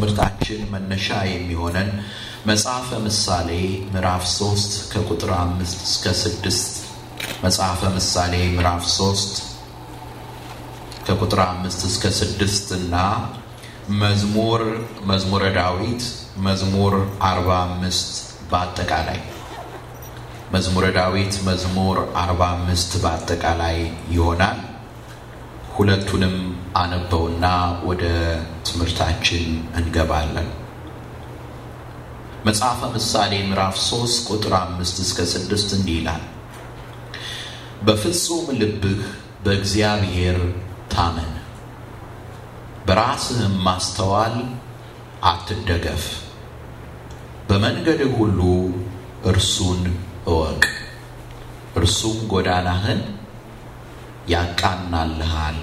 ለትምህርታችን መነሻ የሚሆነን መጽሐፈ ምሳሌ ምዕራፍ 3 ከቁጥር 5 እስከ 6 መጽሐፈ ምሳሌ ምዕራፍ 3 ከቁጥር 5 እስከ 6 እና መዝሙር መዝሙረ ዳዊት መዝሙር 45 በአጠቃላይ መዝሙረ ዳዊት መዝሙር 45 በአጠቃላይ ይሆናል። ሁለቱንም አነበውና ወደ ትምህርታችን እንገባለን። መጽሐፈ ምሳሌ ምዕራፍ 3 ቁጥር 5 እስከ 6 እንዲህ ይላል፣ በፍጹም ልብህ በእግዚአብሔር ታመን፣ በራስህም ማስተዋል አትደገፍ። በመንገድህ ሁሉ እርሱን እወቅ፣ እርሱም ጎዳናህን ያቃናልሃል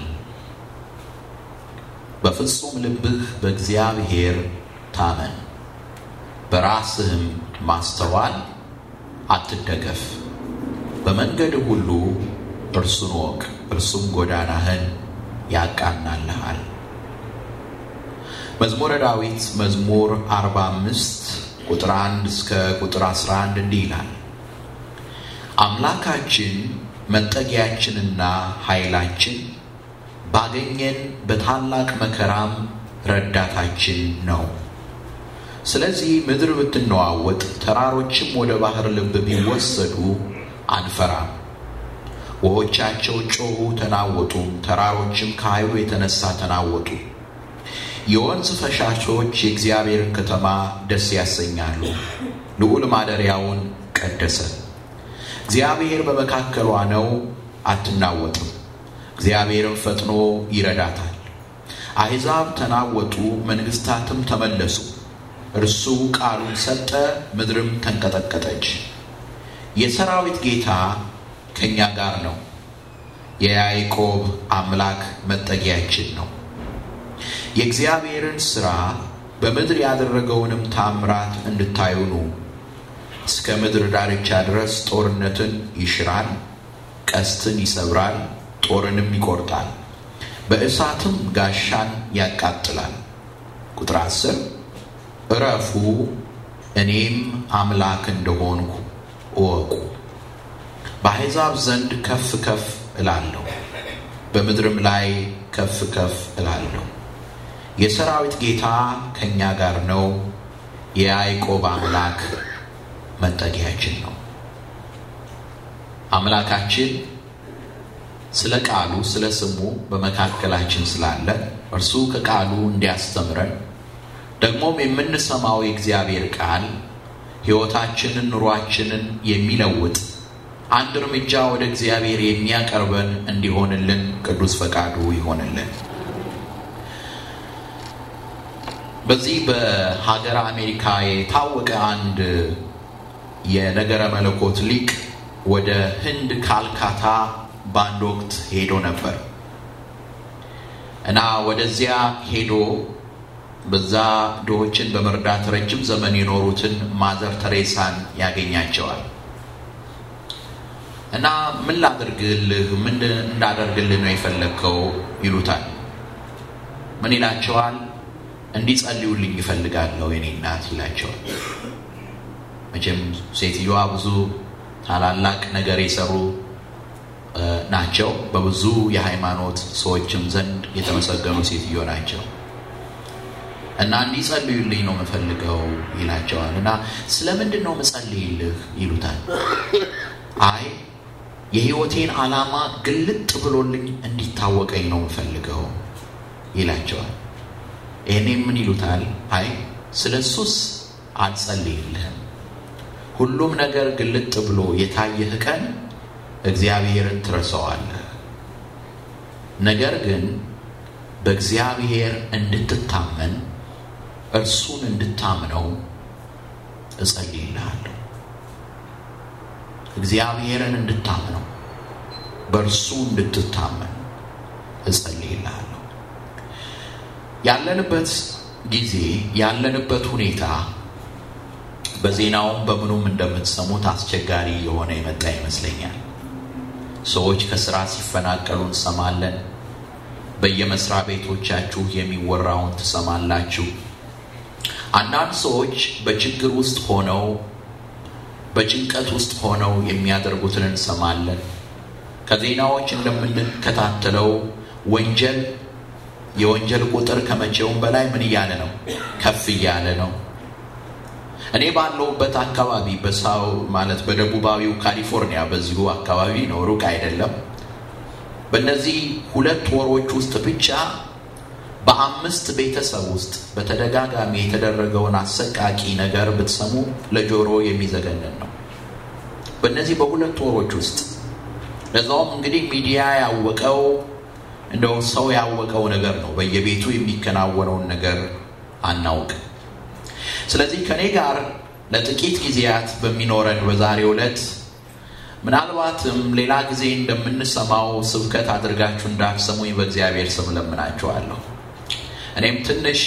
በፍጹም ልብህ በእግዚአብሔር ታመን፣ በራስህም ማስተዋል አትደገፍ። በመንገድ ሁሉ እርሱን ወቅ፣ እርሱም ጎዳናህን ያቃናልሃል። መዝሙረ ዳዊት መዝሙር 45 ቁጥር 1 እስከ ቁጥር 11 እንዲህ ይላል። አምላካችን መጠጊያችንና ኃይላችን ባገኘን በታላቅ መከራም ረዳታችን ነው። ስለዚህ ምድር ብትነዋወጥ፣ ተራሮችም ወደ ባህር ልብ ቢወሰዱ አንፈራም። ውኆቻቸው ጮኹ ተናወጡም፣ ተራሮችም ከኃይሉ የተነሳ ተናወጡ። የወንዝ ፈሻቾች የእግዚአብሔርን ከተማ ደስ ያሰኛሉ፣ ልዑል ማደሪያውን ቀደሰ። እግዚአብሔር በመካከሏ ነው፣ አትናወጥም። እግዚአብሔርም ፈጥኖ ይረዳታል። አሕዛብ ተናወጡ፣ መንግሥታትም ተመለሱ። እርሱ ቃሉን ሰጠ፣ ምድርም ተንቀጠቀጠች። የሰራዊት ጌታ ከእኛ ጋር ነው፣ የያዕቆብ አምላክ መጠጊያችን ነው። የእግዚአብሔርን ሥራ በምድር ያደረገውንም ታምራት እንድታዩ እስከ ምድር ዳርቻ ድረስ ጦርነትን ይሽራል፣ ቀስትን ይሰብራል ጦርንም ይቆርጣል፣ በእሳትም ጋሻን ያቃጥላል። ቁጥር አስር እረፉ እኔም አምላክ እንደሆንኩ እወቁ። በአሕዛብ ዘንድ ከፍ ከፍ እላለሁ፣ በምድርም ላይ ከፍ ከፍ እላለሁ። የሰራዊት ጌታ ከእኛ ጋር ነው፣ የያዕቆብ አምላክ መጠጊያችን ነው። አምላካችን ስለ ቃሉ ስለ ስሙ በመካከላችን ስላለ እርሱ ከቃሉ እንዲያስተምረን ደግሞም የምንሰማው የእግዚአብሔር ቃል ሕይወታችንን፣ ኑሯችንን የሚለውጥ አንድ እርምጃ ወደ እግዚአብሔር የሚያቀርበን እንዲሆንልን ቅዱስ ፈቃዱ ይሆንልን። በዚህ በሀገር አሜሪካ የታወቀ አንድ የነገረ መለኮት ሊቅ ወደ ህንድ ካልካታ በአንድ ወቅት ሄዶ ነበር እና ወደዚያ ሄዶ በዛ ድሆችን በመርዳት ረጅም ዘመን የኖሩትን ማዘር ተሬሳን ያገኛቸዋል እና ምን ላደርግልህ ምን እንዳደርግልህ ነው የፈለግከው ይሉታል። ምን ይላቸዋል? እንዲጸልዩልኝ ይፈልጋለሁ የኔ እናት ይላቸዋል። መቼም ሴትዮዋ ብዙ ታላላቅ ነገር የሰሩ ናቸው። በብዙ የሃይማኖት ሰዎችም ዘንድ የተመሰገኑ ሴትዮ ናቸው እና እንዲጸልዩልኝ ነው የምፈልገው ይላቸዋል። እና ስለምንድን ነው መጸልይልህ ይሉታል። አይ የህይወቴን ዓላማ ግልጥ ብሎልኝ እንዲታወቀኝ ነው የምፈልገው ይላቸዋል። ይህኔ ምን ይሉታል? አይ ስለ እሱስ አልጸልይልህም፣ ሁሉም ነገር ግልጥ ብሎ የታየህ ቀን እግዚአብሔርን ትረሳዋለህ። ነገር ግን በእግዚአብሔር እንድትታመን እርሱን እንድታምነው እጸልይልሃለሁ። እግዚአብሔርን እንድታምነው በእርሱ እንድትታመን እጸልይልሃለሁ። ያለንበት ጊዜ ያለንበት ሁኔታ በዜናውም በምኑም እንደምትሰሙት አስቸጋሪ የሆነ የመጣ ይመስለኛል። ሰዎች ከስራ ሲፈናቀሉ እንሰማለን። በየመስሪያ ቤቶቻችሁ የሚወራውን ትሰማላችሁ። አንዳንድ ሰዎች በችግር ውስጥ ሆነው በጭንቀት ውስጥ ሆነው የሚያደርጉትን እንሰማለን። ከዜናዎች እንደምንከታተለው ወንጀል የወንጀል ቁጥር ከመቼውም በላይ ምን እያለ ነው? ከፍ እያለ ነው። እኔ ባለውበት አካባቢ በሳው ማለት በደቡባዊው ካሊፎርኒያ በዚሁ አካባቢ ነው፣ ሩቅ አይደለም። በእነዚህ ሁለት ወሮች ውስጥ ብቻ በአምስት ቤተሰብ ውስጥ በተደጋጋሚ የተደረገውን አሰቃቂ ነገር ብትሰሙ ለጆሮ የሚዘገንን ነው። በእነዚህ በሁለት ወሮች ውስጥ ለዛውም እንግዲህ ሚዲያ ያወቀው እንደው ሰው ያወቀው ነገር ነው። በየቤቱ የሚከናወነውን ነገር አናውቅም። ስለዚህ ከእኔ ጋር ለጥቂት ጊዜያት በሚኖረን በዛሬ ዕለት ምናልባትም ሌላ ጊዜ እንደምንሰማው ስብከት አድርጋችሁ እንዳትሰሙኝ በእግዚአብሔር ስም ለምናችኋለሁ። እኔም ትንሽ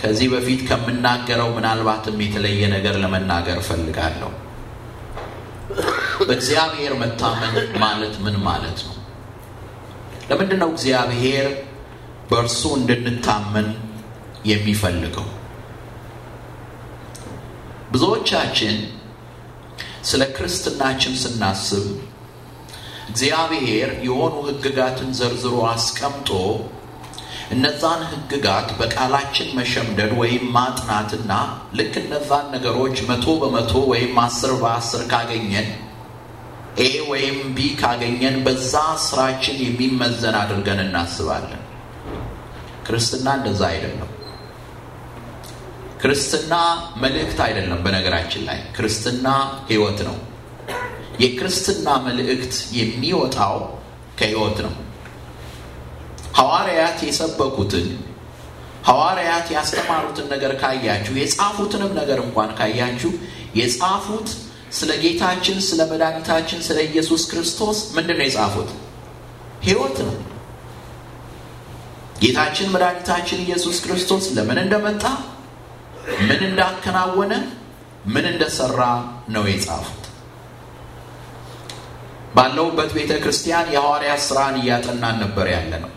ከዚህ በፊት ከምናገረው ምናልባትም የተለየ ነገር ለመናገር እፈልጋለሁ። በእግዚአብሔር መታመን ማለት ምን ማለት ነው? ለምንድን ነው እግዚአብሔር በእርሱ እንድንታመን የሚፈልገው? ብዙዎቻችን ስለ ክርስትናችን ስናስብ እግዚአብሔር የሆኑ ህግጋትን ዘርዝሮ አስቀምጦ እነዛን ህግጋት በቃላችን መሸምደድ ወይም ማጥናትና ልክ እነዛን ነገሮች መቶ በመቶ ወይም አስር በአስር ካገኘን ኤ ወይም ቢ ካገኘን በዛ ስራችን የሚመዘን አድርገን እናስባለን። ክርስትና እንደዛ አይደለም። ክርስትና መልእክት አይደለም። በነገራችን ላይ ክርስትና ህይወት ነው። የክርስትና መልእክት የሚወጣው ከህይወት ነው። ሐዋርያት የሰበኩትን ሐዋርያት ያስተማሩትን ነገር ካያችሁ፣ የጻፉትንም ነገር እንኳን ካያችሁ የጻፉት ስለ ጌታችን ስለ መድኃኒታችን ስለ ኢየሱስ ክርስቶስ ምንድን ነው የጻፉት? ህይወት ነው። ጌታችን መድኃኒታችን ኢየሱስ ክርስቶስ ለምን እንደመጣ ምን እንዳከናወነ ምን እንደሰራ ነው የጻፉት። ባለውበት ቤተ ክርስቲያን የሐዋርያ ስራን እያጠናን ነበር ያለ ነው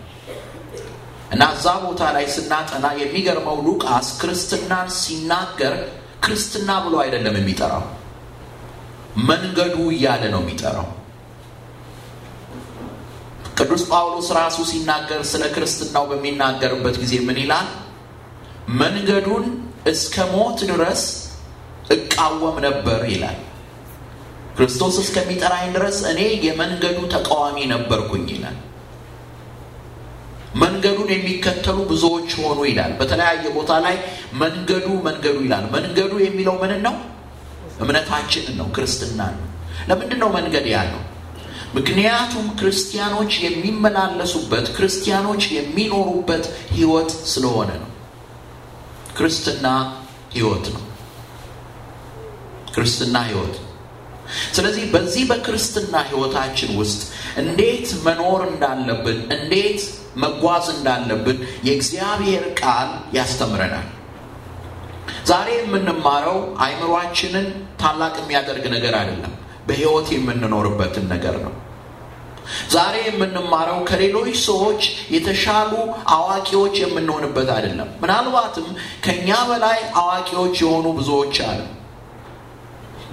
እና እዛ ቦታ ላይ ስናጠና የሚገርመው ሉቃስ ክርስትናን ሲናገር ክርስትና ብሎ አይደለም የሚጠራው፣ መንገዱ እያለ ነው የሚጠራው። ቅዱስ ጳውሎስ ራሱ ሲናገር ስለ ክርስትናው በሚናገርበት ጊዜ ምን ይላል? መንገዱን እስከ ሞት ድረስ እቃወም ነበር ይላል። ክርስቶስ እስከሚጠራኝ ድረስ እኔ የመንገዱ ተቃዋሚ ነበርኩኝ ይላል። መንገዱን የሚከተሉ ብዙዎች ሆኑ ይላል። በተለያየ ቦታ ላይ መንገዱ መንገዱ ይላል። መንገዱ የሚለው ምንን ነው? እምነታችንን ነው፣ ክርስትና ነው። ለምንድን ነው መንገድ ያለው? ምክንያቱም ክርስቲያኖች የሚመላለሱበት ክርስቲያኖች የሚኖሩበት ህይወት ስለሆነ ነው። ክርስትና ህይወት ነው። ክርስትና ህይወት። ስለዚህ በዚህ በክርስትና ህይወታችን ውስጥ እንዴት መኖር እንዳለብን፣ እንዴት መጓዝ እንዳለብን የእግዚአብሔር ቃል ያስተምረናል። ዛሬ የምንማረው አይምሯችንን ታላቅ የሚያደርግ ነገር አይደለም፣ በህይወት የምንኖርበትን ነገር ነው። ዛሬ የምንማረው ከሌሎች ሰዎች የተሻሉ አዋቂዎች የምንሆንበት አይደለም። ምናልባትም ከእኛ በላይ አዋቂዎች የሆኑ ብዙዎች አሉ።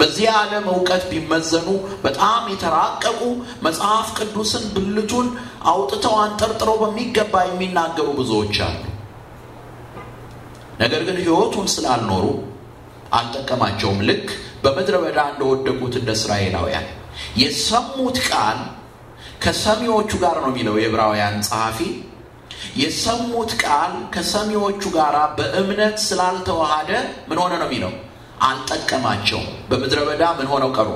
በዚህ ዓለም እውቀት ቢመዘኑ በጣም የተራቀቁ መጽሐፍ ቅዱስን ብልቱን አውጥተው አንጠርጥረው በሚገባ የሚናገሩ ብዙዎች አሉ። ነገር ግን ሕይወቱን ስላልኖሩ አልጠቀማቸውም። ልክ በምድረ በዳ እንደወደቁት እንደ እስራኤላውያን የሰሙት ቃል ከሰሚዎቹ ጋር ነው የሚለው የዕብራውያን ጸሐፊ። የሰሙት ቃል ከሰሚዎቹ ጋር በእምነት ስላልተዋሃደ ምን ሆነ ነው የሚለው አልጠቀማቸው በምድረ በዳ ምን ሆነው ቀሩ?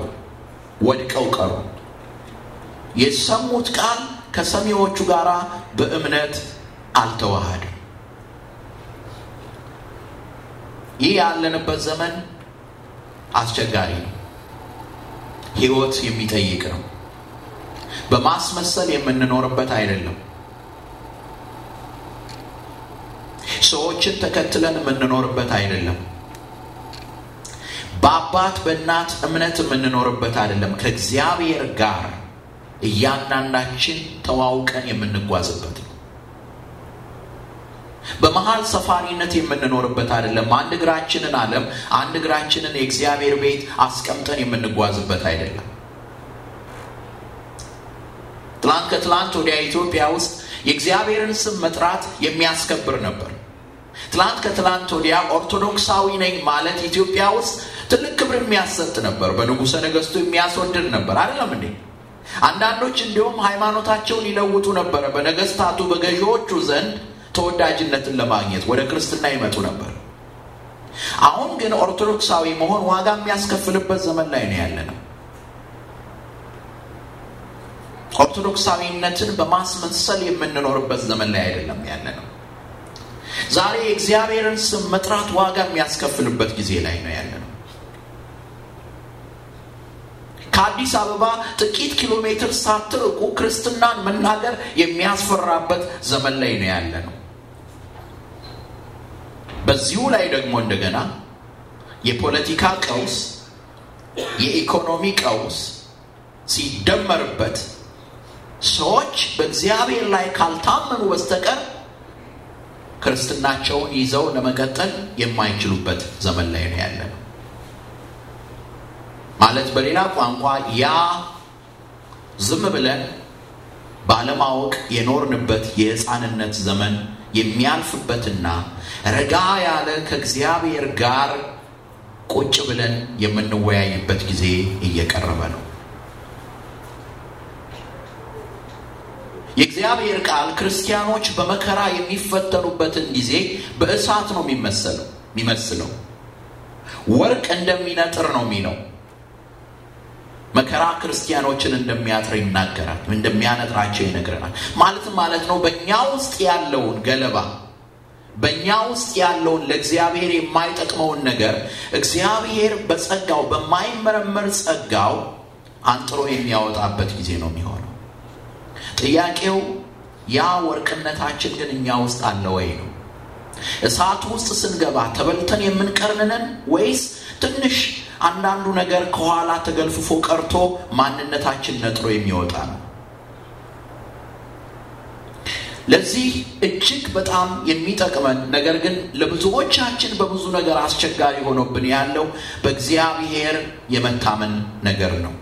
ወድቀው ቀሩ። የሰሙት ቃል ከሰሚዎቹ ጋር በእምነት አልተዋሃደ። ይህ ያለንበት ዘመን አስቸጋሪ ነው። ህይወት የሚጠይቅ ነው። በማስመሰል የምንኖርበት አይደለም። ሰዎችን ተከትለን የምንኖርበት አይደለም። በአባት በእናት እምነት የምንኖርበት አይደለም። ከእግዚአብሔር ጋር እያንዳንዳችን ተዋውቀን የምንጓዝበት ነው። በመሀል ሰፋሪነት የምንኖርበት አይደለም። አንድ እግራችንን አለም አንድ እግራችንን የእግዚአብሔር ቤት አስቀምጠን የምንጓዝበት አይደለም። ትላንት ከትላንት ወዲያ ኢትዮጵያ ውስጥ የእግዚአብሔርን ስም መጥራት የሚያስከብር ነበር። ትላንት ከትላንት ወዲያ ኦርቶዶክሳዊ ነኝ ማለት ኢትዮጵያ ውስጥ ትልቅ ክብር የሚያሰጥ ነበር፣ በንጉሠ ነገሥቱ የሚያስወድድ ነበር። አይደለም እንዴ? አንዳንዶች እንዲሁም ሃይማኖታቸውን ይለውጡ ነበረ። በነገስታቱ በገዢዎቹ ዘንድ ተወዳጅነትን ለማግኘት ወደ ክርስትና ይመጡ ነበር። አሁን ግን ኦርቶዶክሳዊ መሆን ዋጋ የሚያስከፍልበት ዘመን ላይ ነው ያለ ነው። ኦርቶዶክሳዊነትን በማስመሰል የምንኖርበት ዘመን ላይ አይደለም ያለ ነው። ዛሬ የእግዚአብሔርን ስም መጥራት ዋጋ የሚያስከፍልበት ጊዜ ላይ ነው ያለ ነው። ከአዲስ አበባ ጥቂት ኪሎ ሜትር ሳትርቁ ክርስትናን መናገር የሚያስፈራበት ዘመን ላይ ነው ያለ ነው። በዚሁ ላይ ደግሞ እንደገና የፖለቲካ ቀውስ፣ የኢኮኖሚ ቀውስ ሲደመርበት ሰዎች በእግዚአብሔር ላይ ካልታመኑ በስተቀር ክርስትናቸውን ይዘው ለመቀጠል የማይችሉበት ዘመን ላይ ነው ያለ ነው። ማለት በሌላ ቋንቋ ያ ዝም ብለን ባለማወቅ የኖርንበት የህፃንነት ዘመን የሚያልፍበትና ረጋ ያለ ከእግዚአብሔር ጋር ቁጭ ብለን የምንወያይበት ጊዜ እየቀረበ ነው። የእግዚአብሔር ቃል ክርስቲያኖች በመከራ የሚፈተኑበትን ጊዜ በእሳት ነው የሚመስለው። ወርቅ እንደሚነጥር ነው የሚለው። መከራ ክርስቲያኖችን እንደሚያጥር ይናገራል፣ እንደሚያነጥራቸው ይነግረናል። ማለት ማለት ነው በእኛ ውስጥ ያለውን ገለባ በእኛ ውስጥ ያለውን ለእግዚአብሔር የማይጠቅመውን ነገር እግዚአብሔር በጸጋው በማይመረመር ጸጋው አንጥሮ የሚያወጣበት ጊዜ ነው የሚሆነው። ጥያቄው ያ ወርቅነታችን ግን እኛ ውስጥ አለ ወይ ነው። እሳት ውስጥ ስንገባ ተበልተን የምንቀርንነን ወይስ ትንሽ አንዳንዱ ነገር ከኋላ ተገልፍፎ ቀርቶ ማንነታችን ነጥሮ የሚወጣ ነው? ለዚህ እጅግ በጣም የሚጠቅመን ነገር ግን ለብዙዎቻችን በብዙ ነገር አስቸጋሪ ሆኖብን ያለው በእግዚአብሔር የመታመን ነገር ነው።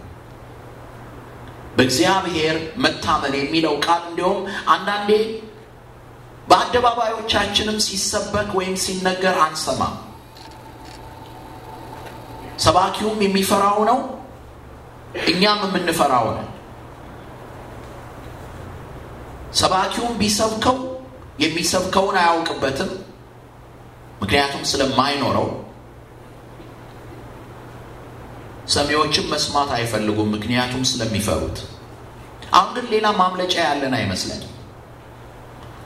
በእግዚአብሔር መታመን የሚለው ቃል እንዲሁም አንዳንዴ በአደባባዮቻችንም ሲሰበክ ወይም ሲነገር አንሰማም። ሰባኪውም የሚፈራው ነው፣ እኛም የምንፈራው ነው። ሰባኪውም ቢሰብከው የሚሰብከውን አያውቅበትም፣ ምክንያቱም ስለማይኖረው ሰሚዎችም መስማት አይፈልጉም፣ ምክንያቱም ስለሚፈሩት። አሁን ግን ሌላ ማምለጫ ያለን አይመስለኝም።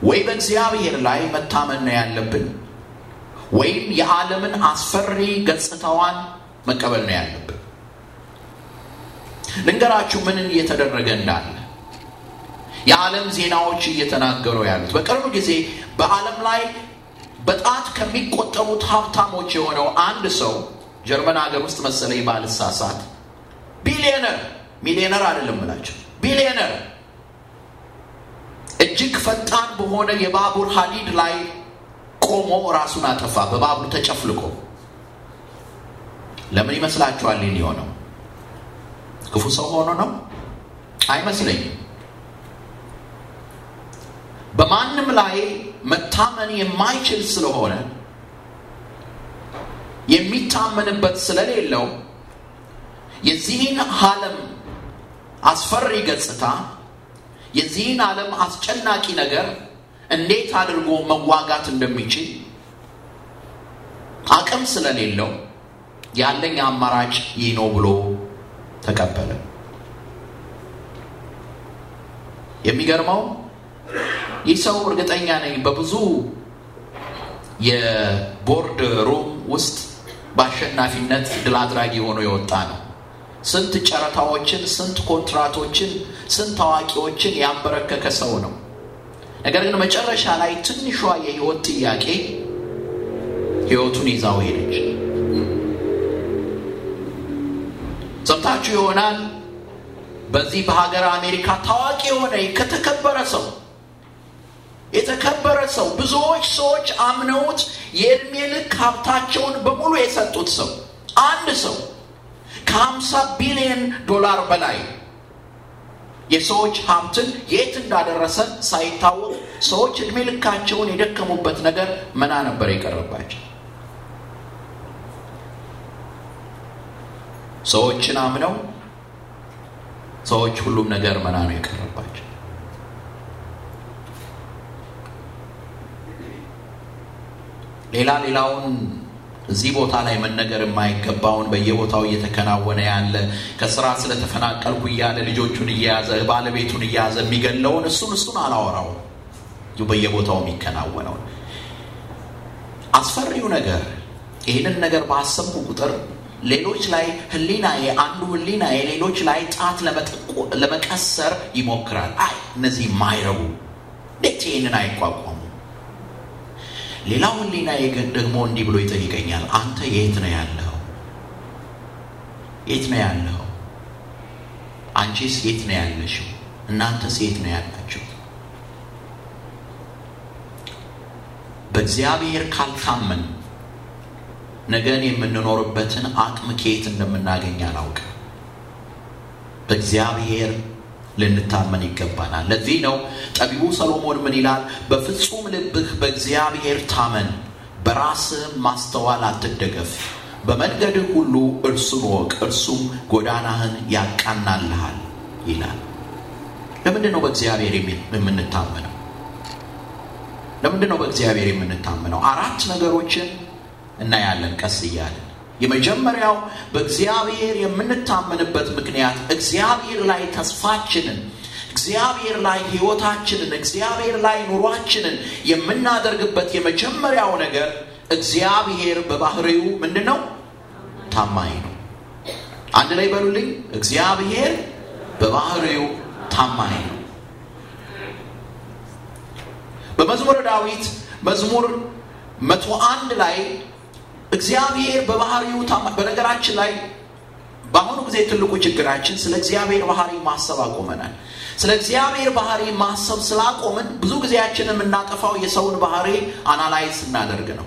ወይ በእግዚአብሔር ላይ መታመን ነው ያለብን፣ ወይም የዓለምን አስፈሪ ገጽታዋን መቀበል ነው ያለብን። ልንገራችሁ ምን እየተደረገ እንዳለ የዓለም ዜናዎች እየተናገሩ ያሉት። በቅርብ ጊዜ በዓለም ላይ በጣት ከሚቆጠሩት ሀብታሞች የሆነው አንድ ሰው ጀርመን ሀገር ውስጥ መሰለኝ ባልሳሳት ቢሊየነር ሚሊዮነር አይደለም ምላቸው ቢሊዮነር እጅግ ፈጣን በሆነ የባቡር ሀዲድ ላይ ቆሞ ራሱን አጠፋ። በባቡር ተጨፍልቆ ለምን ይመስላችኋል? ይህን የሆነው ክፉ ሰው ሆኖ ነው? አይመስለኝም። በማንም ላይ መታመን የማይችል ስለሆነ የሚታመንበት ስለሌለው የዚህን ዓለም አስፈሪ ገጽታ የዚህን ዓለም አስጨናቂ ነገር እንዴት አድርጎ መዋጋት እንደሚችል አቅም ስለሌለው ያለኝ አማራጭ ይህ ነው ብሎ ተቀበለ። የሚገርመው ይህ ሰው እርግጠኛ ነኝ በብዙ የቦርድ ሩም ውስጥ በአሸናፊነት ድል አድራጊ ሆኖ የወጣ ነው። ስንት ጨረታዎችን፣ ስንት ኮንትራቶችን፣ ስንት አዋቂዎችን ያንበረከከ ሰው ነው። ነገር ግን መጨረሻ ላይ ትንሿ የህይወት ጥያቄ ህይወቱን ይዛው ሄደች። ሰምታችሁ ይሆናል። በዚህ በሀገር አሜሪካ ታዋቂ የሆነ ከተከበረ ሰው የተከበረ ሰው፣ ብዙዎች ሰዎች አምነውት የእድሜ ልክ ሀብታቸውን በሙሉ የሰጡት ሰው አንድ ሰው ከሀምሳ ቢሊዮን ዶላር በላይ የሰዎች ሀብትን የት እንዳደረሰ ሳይታወቅ ሰዎች እድሜ ልካቸውን የደከሙበት ነገር መና ነበር የቀረባቸው። ሰዎችን አምነው ሰዎች ሁሉም ነገር መና ነው የቀረባቸው። ሌላ ሌላውን እዚህ ቦታ ላይ መነገር የማይገባውን በየቦታው እየተከናወነ ያለ ከስራ ስለተፈናቀልኩ እያለ ልጆቹን እየያዘ ባለቤቱን እያያዘ የሚገለውን እሱን እሱን አላወራው በየቦታው የሚከናወነውን አስፈሪው ነገር ይህንን ነገር ባሰብኩ ቁጥር ሌሎች ላይ ህሊና አንዱ ህሊና ሌሎች ላይ ጣት ለመቀሰር ይሞክራል። አይ እነዚህ ማይረቡ እንዴት ይህንን አይቋቋም ሌላው ህሊና ደግሞ እንዲህ ብሎ ይጠይቀኛል። አንተ የት ነው ያለው የት ነው ያለው አንቺስ የት ነው ያለሽው? እናንተስ የት ነው ያላችሁ? በእግዚአብሔር ካልታመን ነገን የምንኖርበትን አቅም ከየት እንደምናገኝ አላውቅም። በእግዚአብሔር ልንታመን ይገባናል። ለዚህ ነው ጠቢቡ ሰሎሞን ምን ይላል? በፍጹም ልብህ በእግዚአብሔር ታመን፣ በራስህም ማስተዋል አትደገፍ። በመንገድህ ሁሉ እርሱን ወቅ፣ እርሱም ጎዳናህን ያቃናልሃል ይላል። ለምንድ ነው በእግዚአብሔር የምንታመነው? ለምንድ ነው በእግዚአብሔር የምንታመነው? አራት ነገሮችን እናያለን ቀስ እያለ የመጀመሪያው በእግዚአብሔር የምንታመንበት ምክንያት እግዚአብሔር ላይ ተስፋችንን እግዚአብሔር ላይ ህይወታችንን እግዚአብሔር ላይ ኑሯችንን የምናደርግበት የመጀመሪያው ነገር እግዚአብሔር በባህሪው ምንድን ነው? ታማኝ ነው። አንድ ላይ በሉልኝ። እግዚአብሔር በባህሪው ታማኝ ነው። በመዝሙረ ዳዊት መዝሙር መቶ አንድ ላይ እግዚአብሔር በባህሪው በነገራችን ላይ በአሁኑ ጊዜ ትልቁ ችግራችን ስለ እግዚአብሔር ባህሪ ማሰብ አቆመናል። ስለ እግዚአብሔር ባህሪ ማሰብ ስላቆምን ብዙ ጊዜያችን የምናጠፋው የሰውን ባህሪ አናላይዝ ስናደርግ ነው።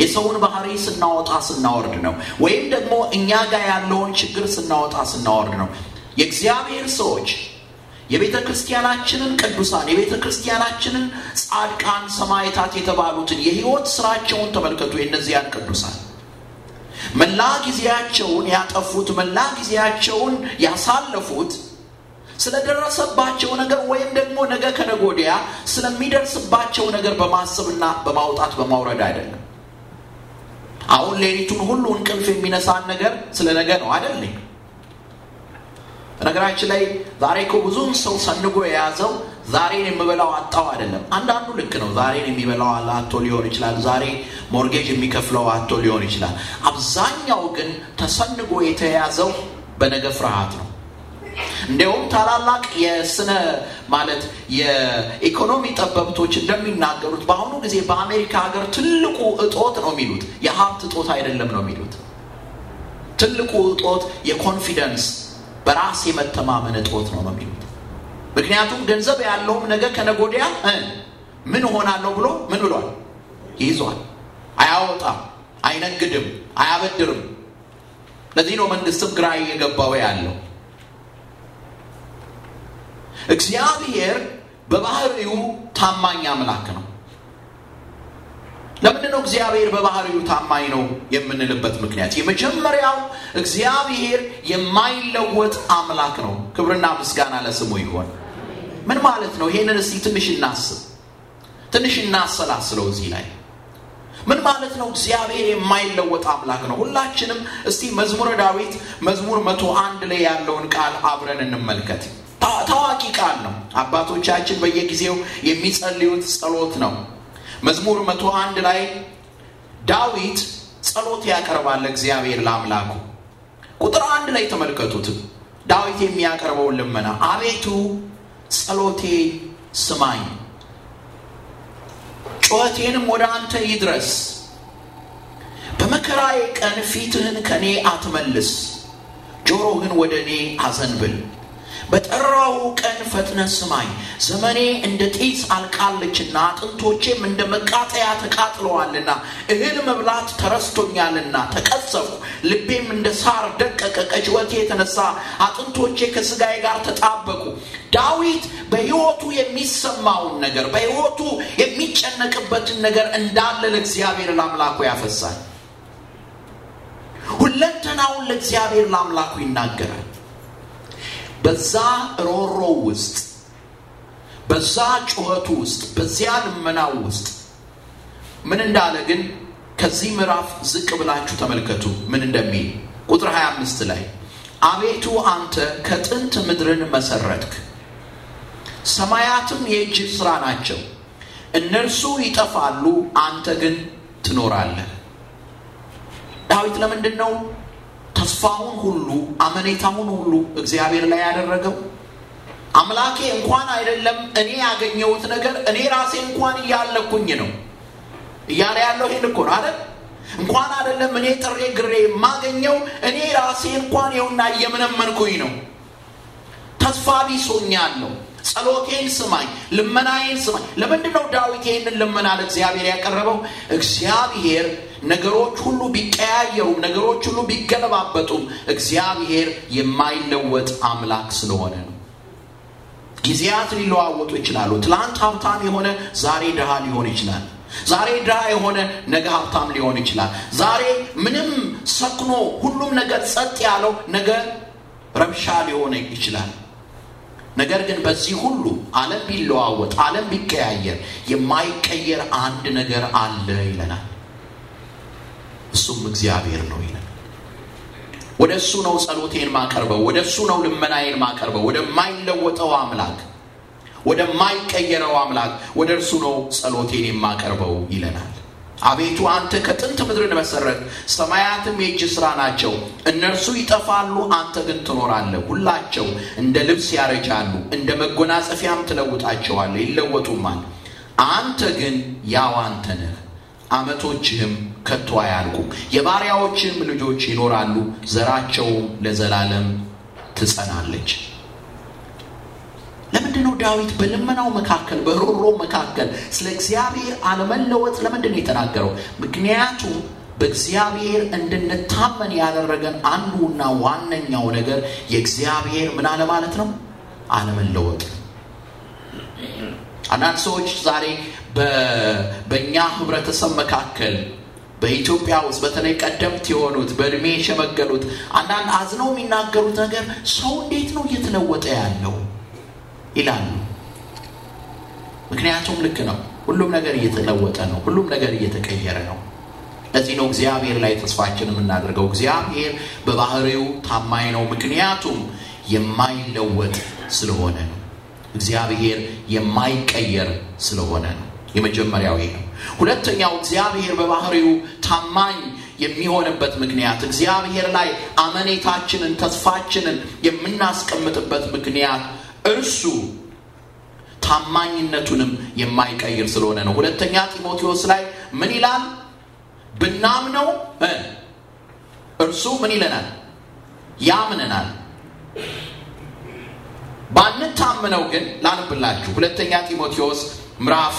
የሰውን ባህሪ ስናወጣ ስናወርድ ነው። ወይም ደግሞ እኛ ጋር ያለውን ችግር ስናወጣ ስናወርድ ነው። የእግዚአብሔር ሰዎች የቤተ ክርስቲያናችንን ቅዱሳን የቤተ ክርስቲያናችንን ጻድቃን ሰማይታት የተባሉትን የህይወት ስራቸውን ተመልከቱ። የእነዚያን ቅዱሳን መላ ጊዜያቸውን ያጠፉት፣ መላ ጊዜያቸውን ያሳለፉት ስለደረሰባቸው ነገር ወይም ደግሞ ነገ ከነጎዲያ ስለሚደርስባቸው ነገር በማሰብና በማውጣት በማውረድ አይደለም። አሁን ሌሊቱን ሁሉ እንቅልፍ የሚነሳን ነገር ስለ ነገ ነው አደለኝ በነገራችን ላይ ዛሬ እኮ ብዙውን ሰው ሰንጎ የያዘው ዛሬን የምበላው አጣው አይደለም። አንዳንዱ ልክ ነው። ዛሬን የሚበላው አቶ ሊሆን ይችላል። ዛሬ ሞርጌጅ የሚከፍለው አቶ ሊሆን ይችላል። አብዛኛው ግን ተሰንጎ የተያዘው በነገ ፍርሃት ነው። እንዲሁም ታላላቅ የስነ ማለት የኢኮኖሚ ጠበብቶች እንደሚናገሩት በአሁኑ ጊዜ በአሜሪካ ሀገር ትልቁ እጦት ነው የሚሉት የሀብት እጦት አይደለም ነው የሚሉት። ትልቁ እጦት የኮንፊደንስ በራስ የመተማመን እጦት ነው ነው የሚሉት። ምክንያቱም ገንዘብ ያለውም ነገ ከነጎዲያ ምን ሆናለው ብሎ ምን ብሏል ይይዟል። አያወጣም፣ አይነግድም፣ አያበድርም። ለዚህ ነው መንግስትም ግራ እየገባው ያለው። እግዚአብሔር በባህሪው ታማኝ አምላክ ነው። ለምንድነው እግዚአብሔር በባህሪው ታማኝ ነው የምንልበት ምክንያት? የመጀመሪያው እግዚአብሔር የማይለወጥ አምላክ ነው። ክብርና ምስጋና ለስሙ ይሆን። ምን ማለት ነው? ይሄንን እስቲ ትንሽ እናስብ፣ ትንሽ እናሰላስለው። እዚህ ላይ ምን ማለት ነው? እግዚአብሔር የማይለወጥ አምላክ ነው። ሁላችንም እስቲ መዝሙረ ዳዊት መዝሙር መቶ አንድ ላይ ያለውን ቃል አብረን እንመልከት። ታዋቂ ቃል ነው። አባቶቻችን በየጊዜው የሚጸልዩት ጸሎት ነው። መዝሙር መቶ አንድ ላይ ዳዊት ጸሎት ያቀርባል እግዚአብሔር ለአምላኩ። ቁጥር አንድ ላይ ተመልከቱት። ዳዊት የሚያቀርበውን ልመና አቤቱ ጸሎቴ ስማኝ፣ ጩኸቴንም ወደ አንተ ይድረስ። በመከራዬ ቀን ፊትህን ከእኔ አትመልስ፣ ጆሮህን ወደ እኔ አዘንብል። በጠራው ቀን ፈጥነ ስማኝ። ዘመኔ እንደ ጢስ አልቃለችና አጥንቶቼም እንደ መቃጠያ ተቃጥለዋልና እህል መብላት ተረስቶኛልና ተቀሰፉ። ልቤም እንደ ሳር ደቀቀ። ከጭወቴ የተነሳ አጥንቶቼ ከስጋዬ ጋር ተጣበቁ። ዳዊት በሕይወቱ የሚሰማውን ነገር በሕይወቱ የሚጨነቅበትን ነገር እንዳለ ለእግዚአብሔር ለአምላኩ ያፈሳል። ሁለንተናውን ለእግዚአብሔር ለአምላኩ ይናገራል። በዛ ሮሮ ውስጥ በዛ ጩኸቱ ውስጥ በዚያ ልመናው ውስጥ ምን እንዳለ ግን ከዚህ ምዕራፍ ዝቅ ብላችሁ ተመልከቱ ምን እንደሚል ቁጥር 25 ላይ አቤቱ አንተ ከጥንት ምድርን መሰረትክ ሰማያትም የእጅ ሥራ ናቸው እነርሱ ይጠፋሉ አንተ ግን ትኖራለህ ዳዊት ለምንድን ነው ተስፋውን ሁሉ አመኔታውን ሁሉ እግዚአብሔር ላይ ያደረገው አምላኬ እንኳን አይደለም እኔ ያገኘሁት ነገር እኔ ራሴ እንኳን እያለኩኝ ነው እያለ ያለው ይህን እኮ ነው አይደል እንኳን አይደለም እኔ ጥሬ ግሬ የማገኘው እኔ ራሴ እንኳን የውና እየምነመንኩኝ ነው ተስፋ ቢሶኛለሁ ጸሎቴን ስማኝ ልመናዬን ስማኝ ለምንድን ነው ዳዊት ይህንን ልመና ለእግዚአብሔር ያቀረበው እግዚአብሔር ነገሮች ሁሉ ቢቀያየሩም፣ ነገሮች ሁሉ ቢገለባበጡም እግዚአብሔር የማይለወጥ አምላክ ስለሆነ ነው። ጊዜያት ሊለዋወጡ ይችላሉ። ትላንት ሀብታም የሆነ ዛሬ ድሃ ሊሆን ይችላል። ዛሬ ድሃ የሆነ ነገ ሀብታም ሊሆን ይችላል። ዛሬ ምንም ሰክኖ ሁሉም ነገር ጸጥ ያለው ነገ ረብሻ ሊሆን ይችላል። ነገር ግን በዚህ ሁሉ አለም ቢለዋወጥ፣ አለም ቢቀያየር የማይቀየር አንድ ነገር አለ ይለናል። እሱም እግዚአብሔር ነው ይላል። ወደ እሱ ነው ጸሎቴን ማቀርበው፣ ወደ እሱ ነው ልመናዬን ማቀርበው፣ ወደማይለወጠው አምላክ፣ ወደማይቀየረው አምላክ ወደ እርሱ ነው ጸሎቴን የማቀርበው ይለናል። አቤቱ አንተ ከጥንት ምድርን መሰረት፣ ሰማያትም የእጅ ሥራ ናቸው። እነርሱ ይጠፋሉ፣ አንተ ግን ትኖራለ ሁላቸው እንደ ልብስ ያረጃሉ፣ እንደ መጎናጸፊያም ትለውጣቸዋለ ይለወጡማል። አንተ ግን ያው አንተ ነህ ዓመቶችህም ከቶ አያልቁም። የባሪያዎችህም ልጆች ይኖራሉ፣ ዘራቸው ለዘላለም ትጸናለች። ለምንድን ነው ዳዊት በልመናው መካከል በሮሮ መካከል ስለ እግዚአብሔር አለመለወጥ ለምንድን ነው የተናገረው? ምክንያቱም በእግዚአብሔር እንድንታመን ያደረገን አንዱና ዋነኛው ነገር የእግዚአብሔር ምን አለ ማለት ነው አለመለወጥ። አንዳንድ ሰዎች ዛሬ በእኛ ህብረተሰብ መካከል በኢትዮጵያ ውስጥ በተለይ ቀደምት የሆኑት በእድሜ የሸመገሉት አንዳንድ አዝነው የሚናገሩት ነገር ሰው እንዴት ነው እየተለወጠ ያለው ይላሉ። ምክንያቱም ልክ ነው። ሁሉም ነገር እየተለወጠ ነው። ሁሉም ነገር እየተቀየረ ነው። ለዚህ ነው እግዚአብሔር ላይ ተስፋችን የምናደርገው። እግዚአብሔር በባህሪው ታማኝ ነው፣ ምክንያቱም የማይለወጥ ስለሆነ ነው። እግዚአብሔር የማይቀየር ስለሆነ ነው። የመጀመሪያው ይሄ ነው። ሁለተኛው እግዚአብሔር በባህሪው ታማኝ የሚሆንበት ምክንያት እግዚአብሔር ላይ አመኔታችንን ተስፋችንን የምናስቀምጥበት ምክንያት እርሱ ታማኝነቱንም የማይቀይር ስለሆነ ነው። ሁለተኛ ጢሞቴዎስ ላይ ምን ይላል? ብናምነው እርሱ ምን ይለናል? ያምነናል። ባንታምነው ግን ላንብላችሁ። ሁለተኛ ጢሞቴዎስ ምራፍ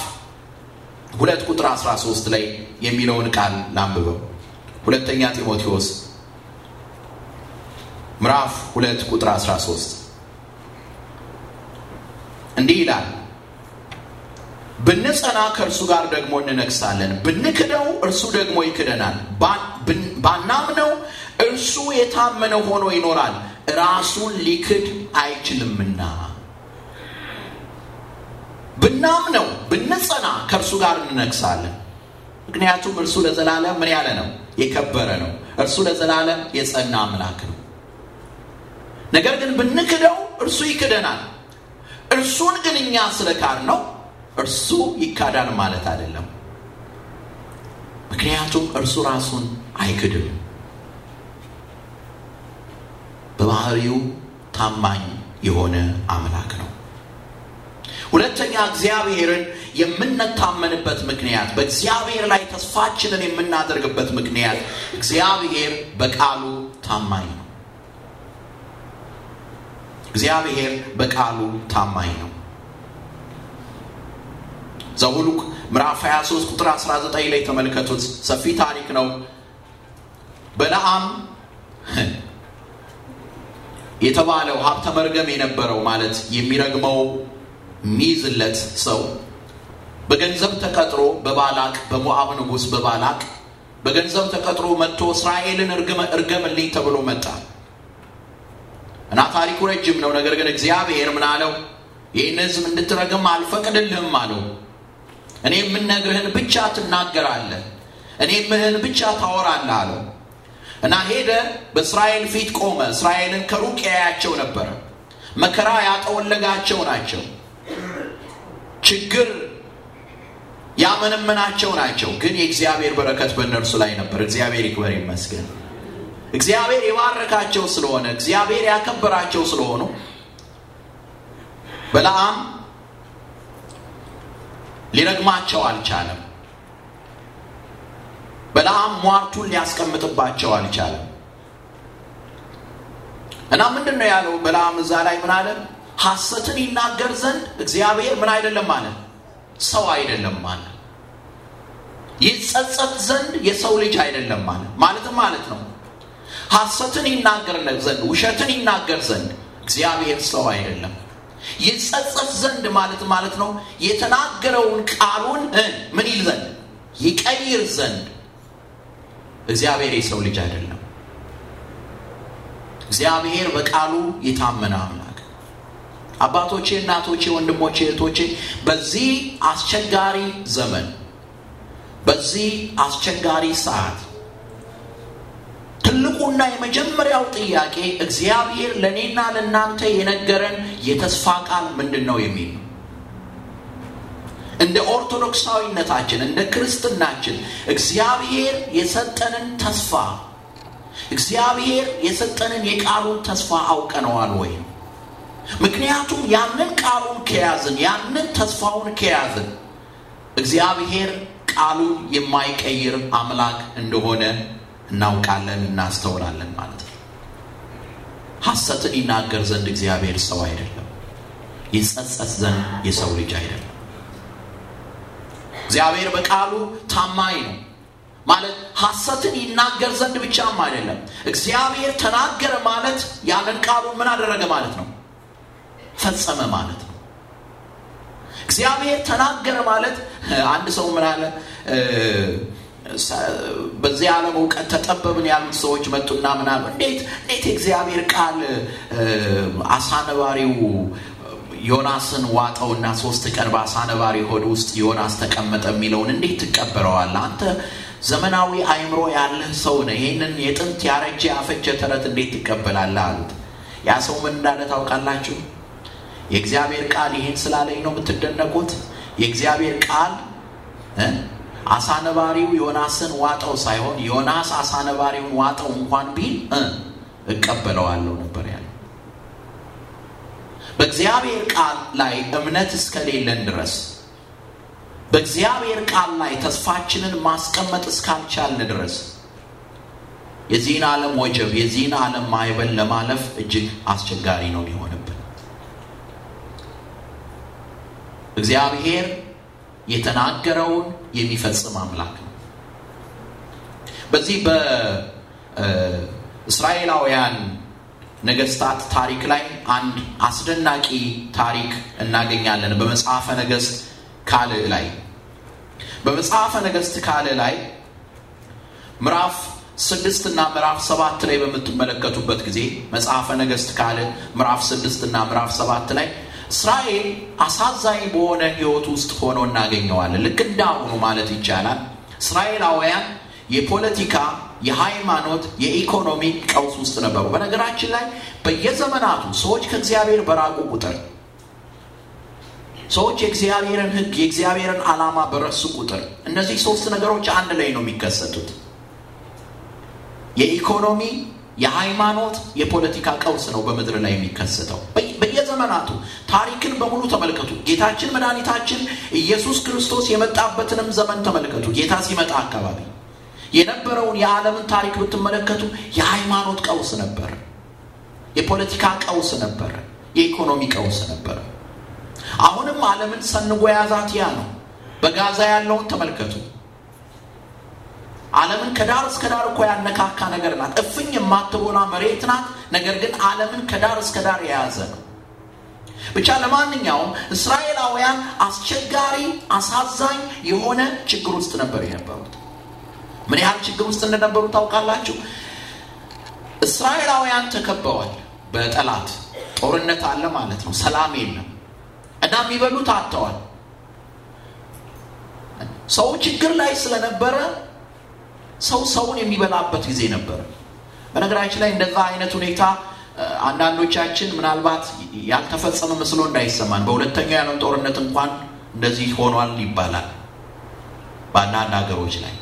ሁለት ቁጥር 13 ላይ የሚለውን ቃል ላንብበው። ሁለተኛ ጢሞቴዎስ ምዕራፍ ሁለት ቁጥር 13 እንዲህ ይላል፣ ብንጸና ከእርሱ ጋር ደግሞ እንነግሳለን፣ ብንክደው እርሱ ደግሞ ይክደናል፣ ባናምነው እርሱ የታመነ ሆኖ ይኖራል፣ ራሱን ሊክድ አይችልምና። ብናምነው ብንጸና ከእርሱ ጋር እንነግሳለን። ምክንያቱም እርሱ ለዘላለም ምን ያለ ነው? የከበረ ነው። እርሱ ለዘላለም የጸና አምላክ ነው። ነገር ግን ብንክደው እርሱ ይክደናል። እርሱን ግን እኛ ስለ ካር ነው እርሱ ይካዳል ማለት አይደለም። ምክንያቱም እርሱ ራሱን አይክድም። በባህሪው ታማኝ የሆነ አምላክ ነው። ሁለተኛ እግዚአብሔርን የምንታመንበት ምክንያት፣ በእግዚአብሔር ላይ ተስፋችንን የምናደርግበት ምክንያት እግዚአብሔር በቃሉ ታማኝ ነው። እግዚአብሔር በቃሉ ታማኝ ነው። ዘውሉቅ ምራፍ 23 ቁጥር 19 ላይ ተመልከቱት። ሰፊ ታሪክ ነው። በለአም የተባለው ሀብተ መርገም የነበረው ማለት የሚረግመው የሚይዝለት ሰው በገንዘብ ተቀጥሮ በባላቅ በሞአብ ንጉሥ በባላቅ በገንዘብ ተቀጥሮ መጥቶ እስራኤልን እርገምልኝ ተብሎ መጣ እና ታሪኩ ረጅም ነው። ነገር ግን እግዚአብሔር ምን አለው? ይህን ህዝብ እንድትረግም አልፈቅድልህም አለው። እኔ የምነግርህን ብቻ ትናገራለህ፣ እኔ ምህን ብቻ ታወራለህ አለው እና ሄደ። በእስራኤል ፊት ቆመ። እስራኤልን ከሩቅ ያያቸው ነበረ። መከራ ያጠወለጋቸው ናቸው። ችግር ያመነመናቸው ናቸው፣ ግን የእግዚአብሔር በረከት በእነርሱ ላይ ነበር። እግዚአብሔር ይክበር ይመስገን። እግዚአብሔር የባረካቸው ስለሆነ እግዚአብሔር ያከበራቸው ስለሆኑ በለአም ሊረግማቸው አልቻለም። በለአም ሟርቱን ሊያስቀምጥባቸው አልቻለም እና ምንድን ነው ያለው? በለአም እዛ ላይ ምን አለን ሐሰትን ይናገር ዘንድ እግዚአብሔር ምን አይደለም ማለት ሰው አይደለም ማለት ይጸጸት ዘንድ የሰው ልጅ አይደለም ማለት ማለትም ማለት ነው ሐሰትን ይናገር ዘንድ ውሸትን ይናገር ዘንድ እግዚአብሔር ሰው አይደለም ይጸጸት ዘንድ ማለት ማለት ነው የተናገረውን ቃሉን ምን ይል ዘንድ ይቀይር ዘንድ እግዚአብሔር የሰው ልጅ አይደለም እግዚአብሔር በቃሉ የታመነ አባቶቼ፣ እናቶቼ፣ ወንድሞቼ፣ እህቶቼ በዚህ አስቸጋሪ ዘመን በዚህ አስቸጋሪ ሰዓት ትልቁና የመጀመሪያው ጥያቄ እግዚአብሔር ለእኔና ለእናንተ የነገረን የተስፋ ቃል ምንድን ነው የሚል ነው። እንደ ኦርቶዶክሳዊነታችን እንደ ክርስትናችን እግዚአብሔር የሰጠንን ተስፋ እግዚአብሔር የሰጠንን የቃሉን ተስፋ አውቀነዋል ወይም ምክንያቱም ያንን ቃሉን ከያዝን ያንን ተስፋውን ከያዝን እግዚአብሔር ቃሉን የማይቀይር አምላክ እንደሆነ እናውቃለን፣ እናስተውላለን ማለት ነው። ሐሰትን ይናገር ዘንድ እግዚአብሔር ሰው አይደለም፣ ይጸጸት ዘንድ የሰው ልጅ አይደለም። እግዚአብሔር በቃሉ ታማኝ ነው ማለት ሐሰትን ይናገር ዘንድ ብቻም አይደለም። እግዚአብሔር ተናገረ ማለት ያንን ቃሉን ምን አደረገ ማለት ነው ፈጸመ ማለት ነው። እግዚአብሔር ተናገረ ማለት አንድ ሰው ምን አለ? በዚህ ዓለም እውቀት ተጠበብን ያሉት ሰዎች መጡና ምን አሉ? እንዴት እንዴት የእግዚአብሔር ቃል አሳነባሪው ዮናስን ዋጠውና ሶስት ቀን በአሳነባሪ ሆድ ውስጥ ዮናስ ተቀመጠ የሚለውን እንዴት ትቀበረዋል አንተ ዘመናዊ አይምሮ ያለህ ሰው ነ ይህንን የጥንት ያረጀ ያፈጀ ተረት እንዴት ትቀበላለ አሉት። ያ ሰው ምን እንዳለ ታውቃላችሁ? የእግዚአብሔር ቃል ይህን ስላለኝ ነው የምትደነቁት? የእግዚአብሔር ቃል አሳነባሪው ዮናስን ዋጠው ሳይሆን ዮናስ አሳነባሪውን ዋጠው እንኳን ቢል እቀበለዋለሁ ነበር ያለ በእግዚአብሔር ቃል ላይ እምነት እስከሌለን ድረስ በእግዚአብሔር ቃል ላይ ተስፋችንን ማስቀመጥ እስካልቻልን ድረስ የዚህን ዓለም ወጀብ የዚህን ዓለም ማይበል ለማለፍ እጅግ አስቸጋሪ ነው ሊሆነ እግዚአብሔር የተናገረውን የሚፈጽም አምላክ ነው። በዚህ በእስራኤላውያን ነገስታት ታሪክ ላይ አንድ አስደናቂ ታሪክ እናገኛለን። በመጽሐፈ ነገስት ካል ላይ በመጽሐፈ ነገስት ካል ላይ ምዕራፍ ስድስት እና ምዕራፍ ሰባት ላይ በምትመለከቱበት ጊዜ መጽሐፈ ነገስት ካል ምዕራፍ ስድስት እና ምዕራፍ ሰባት ላይ እስራኤል አሳዛኝ በሆነ ህይወት ውስጥ ሆኖ እናገኘዋለን። ልክ እንዳሁኑ ማለት ይቻላል እስራኤላውያን የፖለቲካ፣ የሃይማኖት፣ የኢኮኖሚ ቀውስ ውስጥ ነበሩ። በነገራችን ላይ በየዘመናቱ ሰዎች ከእግዚአብሔር በራቁ ቁጥር ሰዎች የእግዚአብሔርን ህግ የእግዚአብሔርን ዓላማ በረሱ ቁጥር እነዚህ ሶስት ነገሮች አንድ ላይ ነው የሚከሰቱት። የኢኮኖሚ፣ የሃይማኖት፣ የፖለቲካ ቀውስ ነው በምድር ላይ የሚከሰተው በየዘመናቱ ታሪክን በሙሉ ተመልከቱ። ጌታችን መድኃኒታችን ኢየሱስ ክርስቶስ የመጣበትንም ዘመን ተመልከቱ። ጌታ ሲመጣ አካባቢ የነበረውን የዓለምን ታሪክ ብትመለከቱ የሃይማኖት ቀውስ ነበር፣ የፖለቲካ ቀውስ ነበር፣ የኢኮኖሚ ቀውስ ነበር። አሁንም ዓለምን ሰንጎ የያዛት ያ ነው። በጋዛ ያለውን ተመልከቱ። ዓለምን ከዳር እስከ ዳር እኮ ያነካካ ነገር ናት። እፍኝ የማትሞላ መሬት ናት። ነገር ግን ዓለምን ከዳር እስከ ዳር የያዘ ነው። ብቻ ለማንኛውም እስራኤላውያን አስቸጋሪ አሳዛኝ የሆነ ችግር ውስጥ ነበር የነበሩት ምን ያህል ችግር ውስጥ እንደነበሩ ታውቃላችሁ እስራኤላውያን ተከበዋል በጠላት ጦርነት አለ ማለት ነው ሰላም የለም እና የሚበሉት አጥተዋል ሰው ችግር ላይ ስለነበረ ሰው ሰውን የሚበላበት ጊዜ ነበር በነገራችን ላይ እንደዛ አይነት ሁኔታ አንዳንዶቻችን ምናልባት ያልተፈጸመ መስሎ እንዳይሰማን በሁለተኛው የዓለም ጦርነት እንኳን እንደዚህ ሆኗል ይባላል በአንዳንድ ሀገሮች ላይ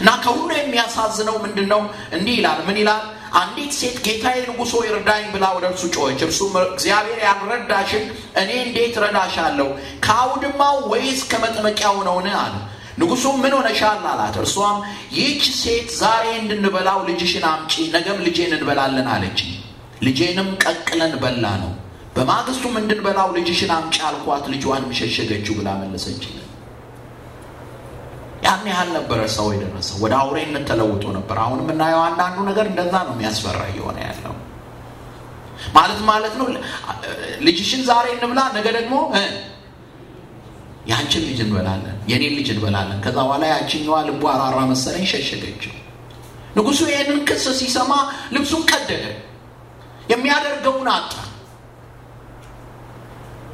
እና ከሁሉ የሚያሳዝነው ምንድን ነው? እንዲህ ይላል። ምን ይላል? አንዲት ሴት ጌታዬ ንጉሶ ይርዳኝ ብላ ወደ እርሱ ጮኸች። እርሱም እግዚአብሔር ያልረዳሽን እኔ እንዴት ረዳሻለሁ? ከአውድማው ወይስ ከመጥመቂያው ነውን? አለ። ንጉሱም ምን ሆነሻል? አላት። እርሷም ይህች ሴት ዛሬ እንድንበላው ልጅሽን አምጪ፣ ነገም ልጄን እንበላለን አለችኝ። ልጄንም ቀቅለን በላ ነው። በማግስቱ እንድንበላው ልጅሽን አምጪ አልኳት፣ ልጇንም ሸሸገችው ብላ መለሰችልን። ያን ያህል ነበረ ሰው የደረሰ ወደ አውሬነት ተለውጦ ነበር። አሁን የምናየው አንዳንዱ ነገር እንደዛ ነው፣ የሚያስፈራ እየሆነ ያለው ማለት ማለት ነው። ልጅሽን ዛሬ እንብላ፣ ነገ ደግሞ የአንችን ልጅ እንበላለን፣ የኔን ልጅ እንበላለን። ከዛ በኋላ ያችኛዋ ልቧ ራራ መሰለኝ ሸሸገችው። ንጉሱ ይህንን ክስ ሲሰማ ልብሱን ቀደደ። የሚያደርገውን አጣ።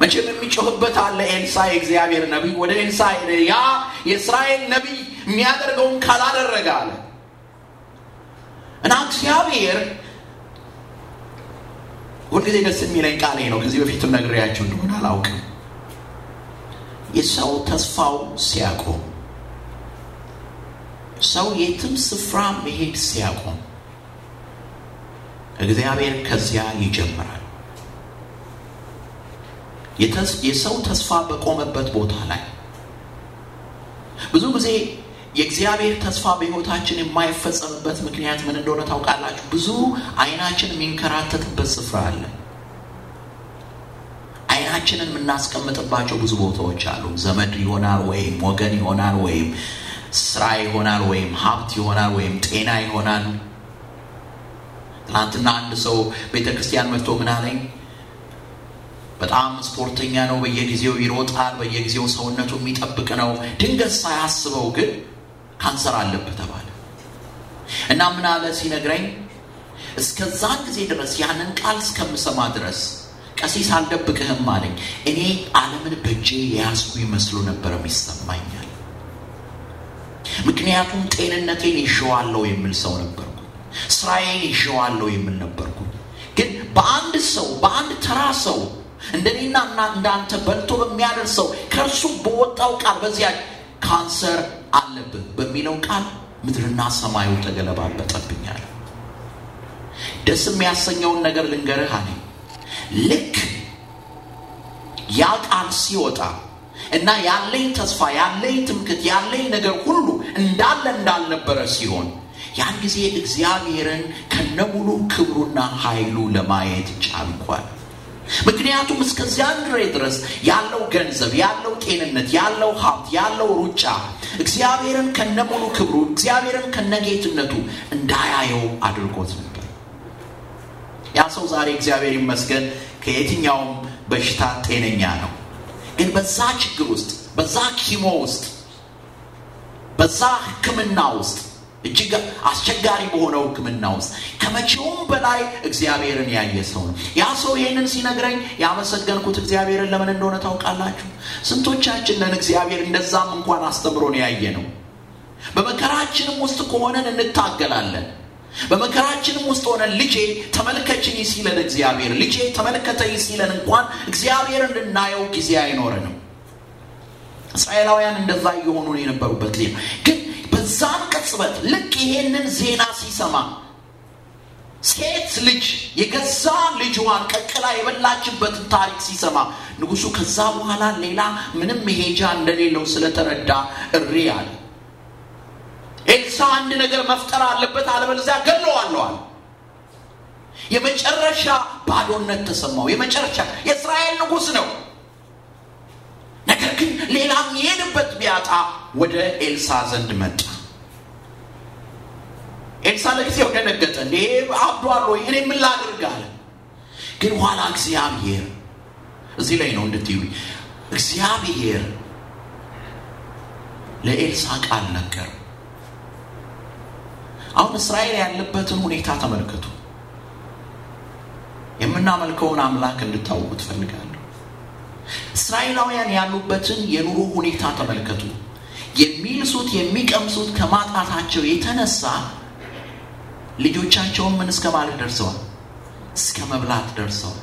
መቼም የሚጮህበት አለ ኤልሳ የእግዚአብሔር ነቢይ ወደ ኤልሳ ያ የእስራኤል ነቢይ የሚያደርገውን ካላደረገ አለ እና እግዚአብሔር ሁልጊዜ ደስ የሚለኝ ቃሌ ነው። ከዚህ በፊትም ነግሬያቸው እንደሆነ አላውቅም። የሰው ተስፋው ሲያቆም ሰው የትም ስፍራ መሄድ ሲያቆም እግዚአብሔር ከዚያ ይጀምራል። የሰው ተስፋ በቆመበት ቦታ ላይ ብዙ ጊዜ የእግዚአብሔር ተስፋ በሕይወታችን የማይፈጸምበት ምክንያት ምን እንደሆነ ታውቃላችሁ? ብዙ አይናችን የሚንከራተትበት ስፍራ አለ። አይናችንን የምናስቀምጥባቸው ብዙ ቦታዎች አሉ። ዘመድ ይሆናል ወይም ወገን ይሆናል ወይም ስራ ይሆናል ወይም ሀብት ይሆናል ወይም ጤና ይሆናል ትናንትና አንድ ሰው ቤተ ክርስቲያን መጥቶ ምን አለኝ? በጣም ስፖርተኛ ነው፣ በየጊዜው ይሮጣል፣ በየጊዜው ሰውነቱ የሚጠብቅ ነው። ድንገት ሳያስበው ግን ካንሰር አለብህ ተባለ እና ምን አለ ሲነግረኝ እስከዛን ጊዜ ድረስ ያንን ቃል እስከምሰማ ድረስ ቀሲስ አልደብቅህም አለኝ። እኔ አለምን በእጄ የያዝኩ ይመስሉ ነበር ይሰማኛል። ምክንያቱም ጤንነቴን ይሸዋለው የሚል ሰው ነበር። ስራዬን ይዤዋለሁ የምን ነበርኩኝ። ግን በአንድ ሰው በአንድ ተራ ሰው እንደኔና እንዳንተ በልቶ ሰው ከእርሱ በወጣው ቃል በዚያ ካንሰር አለብህ በሚለው ቃል ምድርና ሰማዩ ተገለባበጠብኛል። ደስ የሚያሰኘውን ነገር ልንገርህ አለ። ልክ ያ ቃል ሲወጣ እና ያለኝ ተስፋ ያለኝ ትምክት ያለኝ ነገር ሁሉ እንዳለ እንዳልነበረ ሲሆን ያን ጊዜ እግዚአብሔርን ከነሙሉ ክብሩና ኃይሉ ለማየት ጫልኳል ምክንያቱም እስከዚያን ድሬ ድረስ ያለው ገንዘብ፣ ያለው ጤንነት፣ ያለው ሀብት፣ ያለው ሩጫ እግዚአብሔርን ከነሙሉ ክብሩ እግዚአብሔርን ከነጌትነቱ እንዳያየው አድርጎት ነበር። ያ ሰው ዛሬ እግዚአብሔር ይመስገን ከየትኛውም በሽታ ጤነኛ ነው። ግን በዛ ችግር ውስጥ፣ በዛ ኪሞ ውስጥ፣ በዛ ህክምና ውስጥ እጅግ አስቸጋሪ በሆነው ሕክምና ውስጥ ከመቼውም በላይ እግዚአብሔርን ያየ ሰው ነው። ያ ሰው ይህንን ሲነግረኝ ያመሰገንኩት እግዚአብሔርን ለምን እንደሆነ ታውቃላችሁ? ስንቶቻችንን እግዚአብሔር እንደዛም እንኳን አስተምሮን ያየ ነው። በመከራችንም ውስጥ ከሆነን እንታገላለን። በመከራችንም ውስጥ ሆነን ልጄ ተመልከችኝ ሲለን እግዚአብሔር ልጄ ተመልከተኝ ሲለን እንኳን እግዚአብሔር እንድናየው ጊዜ አይኖረንም። እስራኤላውያን እንደዛ እየሆኑ የነበሩበት ጊዜ ግን በዛም ቅጽበት ልክ ይሄንን ዜና ሲሰማ ሴት ልጅ የገዛ ልጅዋን ቀቅላ የበላችበትን ታሪክ ሲሰማ ንጉሱ ከዛ በኋላ ሌላ ምንም መሄጃ እንደሌለው ስለተረዳ እሪ አለ። ኤልሳ አንድ ነገር መፍጠር አለበት፣ አለበለዚያ ገለዋለዋል የመጨረሻ ባዶነት ተሰማው። የመጨረሻ የእስራኤል ንጉስ ነው። ነገር ግን ሌላም የሄድበት ቢያጣ ወደ ኤልሳ ዘንድ መጣ። ኤልሳዕ ለጊዜው ደነገጠ። እንዴ አብዷል ወይ እኔ ምን ላድርግ አለ። ግን ኋላ እግዚአብሔር እዚህ ላይ ነው እንድትዩ እግዚአብሔር ለኤልሳዕ ቃል ነገር። አሁን እስራኤል ያለበትን ሁኔታ ተመልከቱ። የምናመልከውን አምላክ እንድታውቁ ትፈልጋለሁ። እስራኤላውያን ያሉበትን የኑሮ ሁኔታ ተመልከቱ። የሚልሱት የሚቀምሱት ከማጣታቸው የተነሳ ልጆቻቸውን ምን እስከ ማለት ደርሰዋል? እስከ መብላት ደርሰዋል።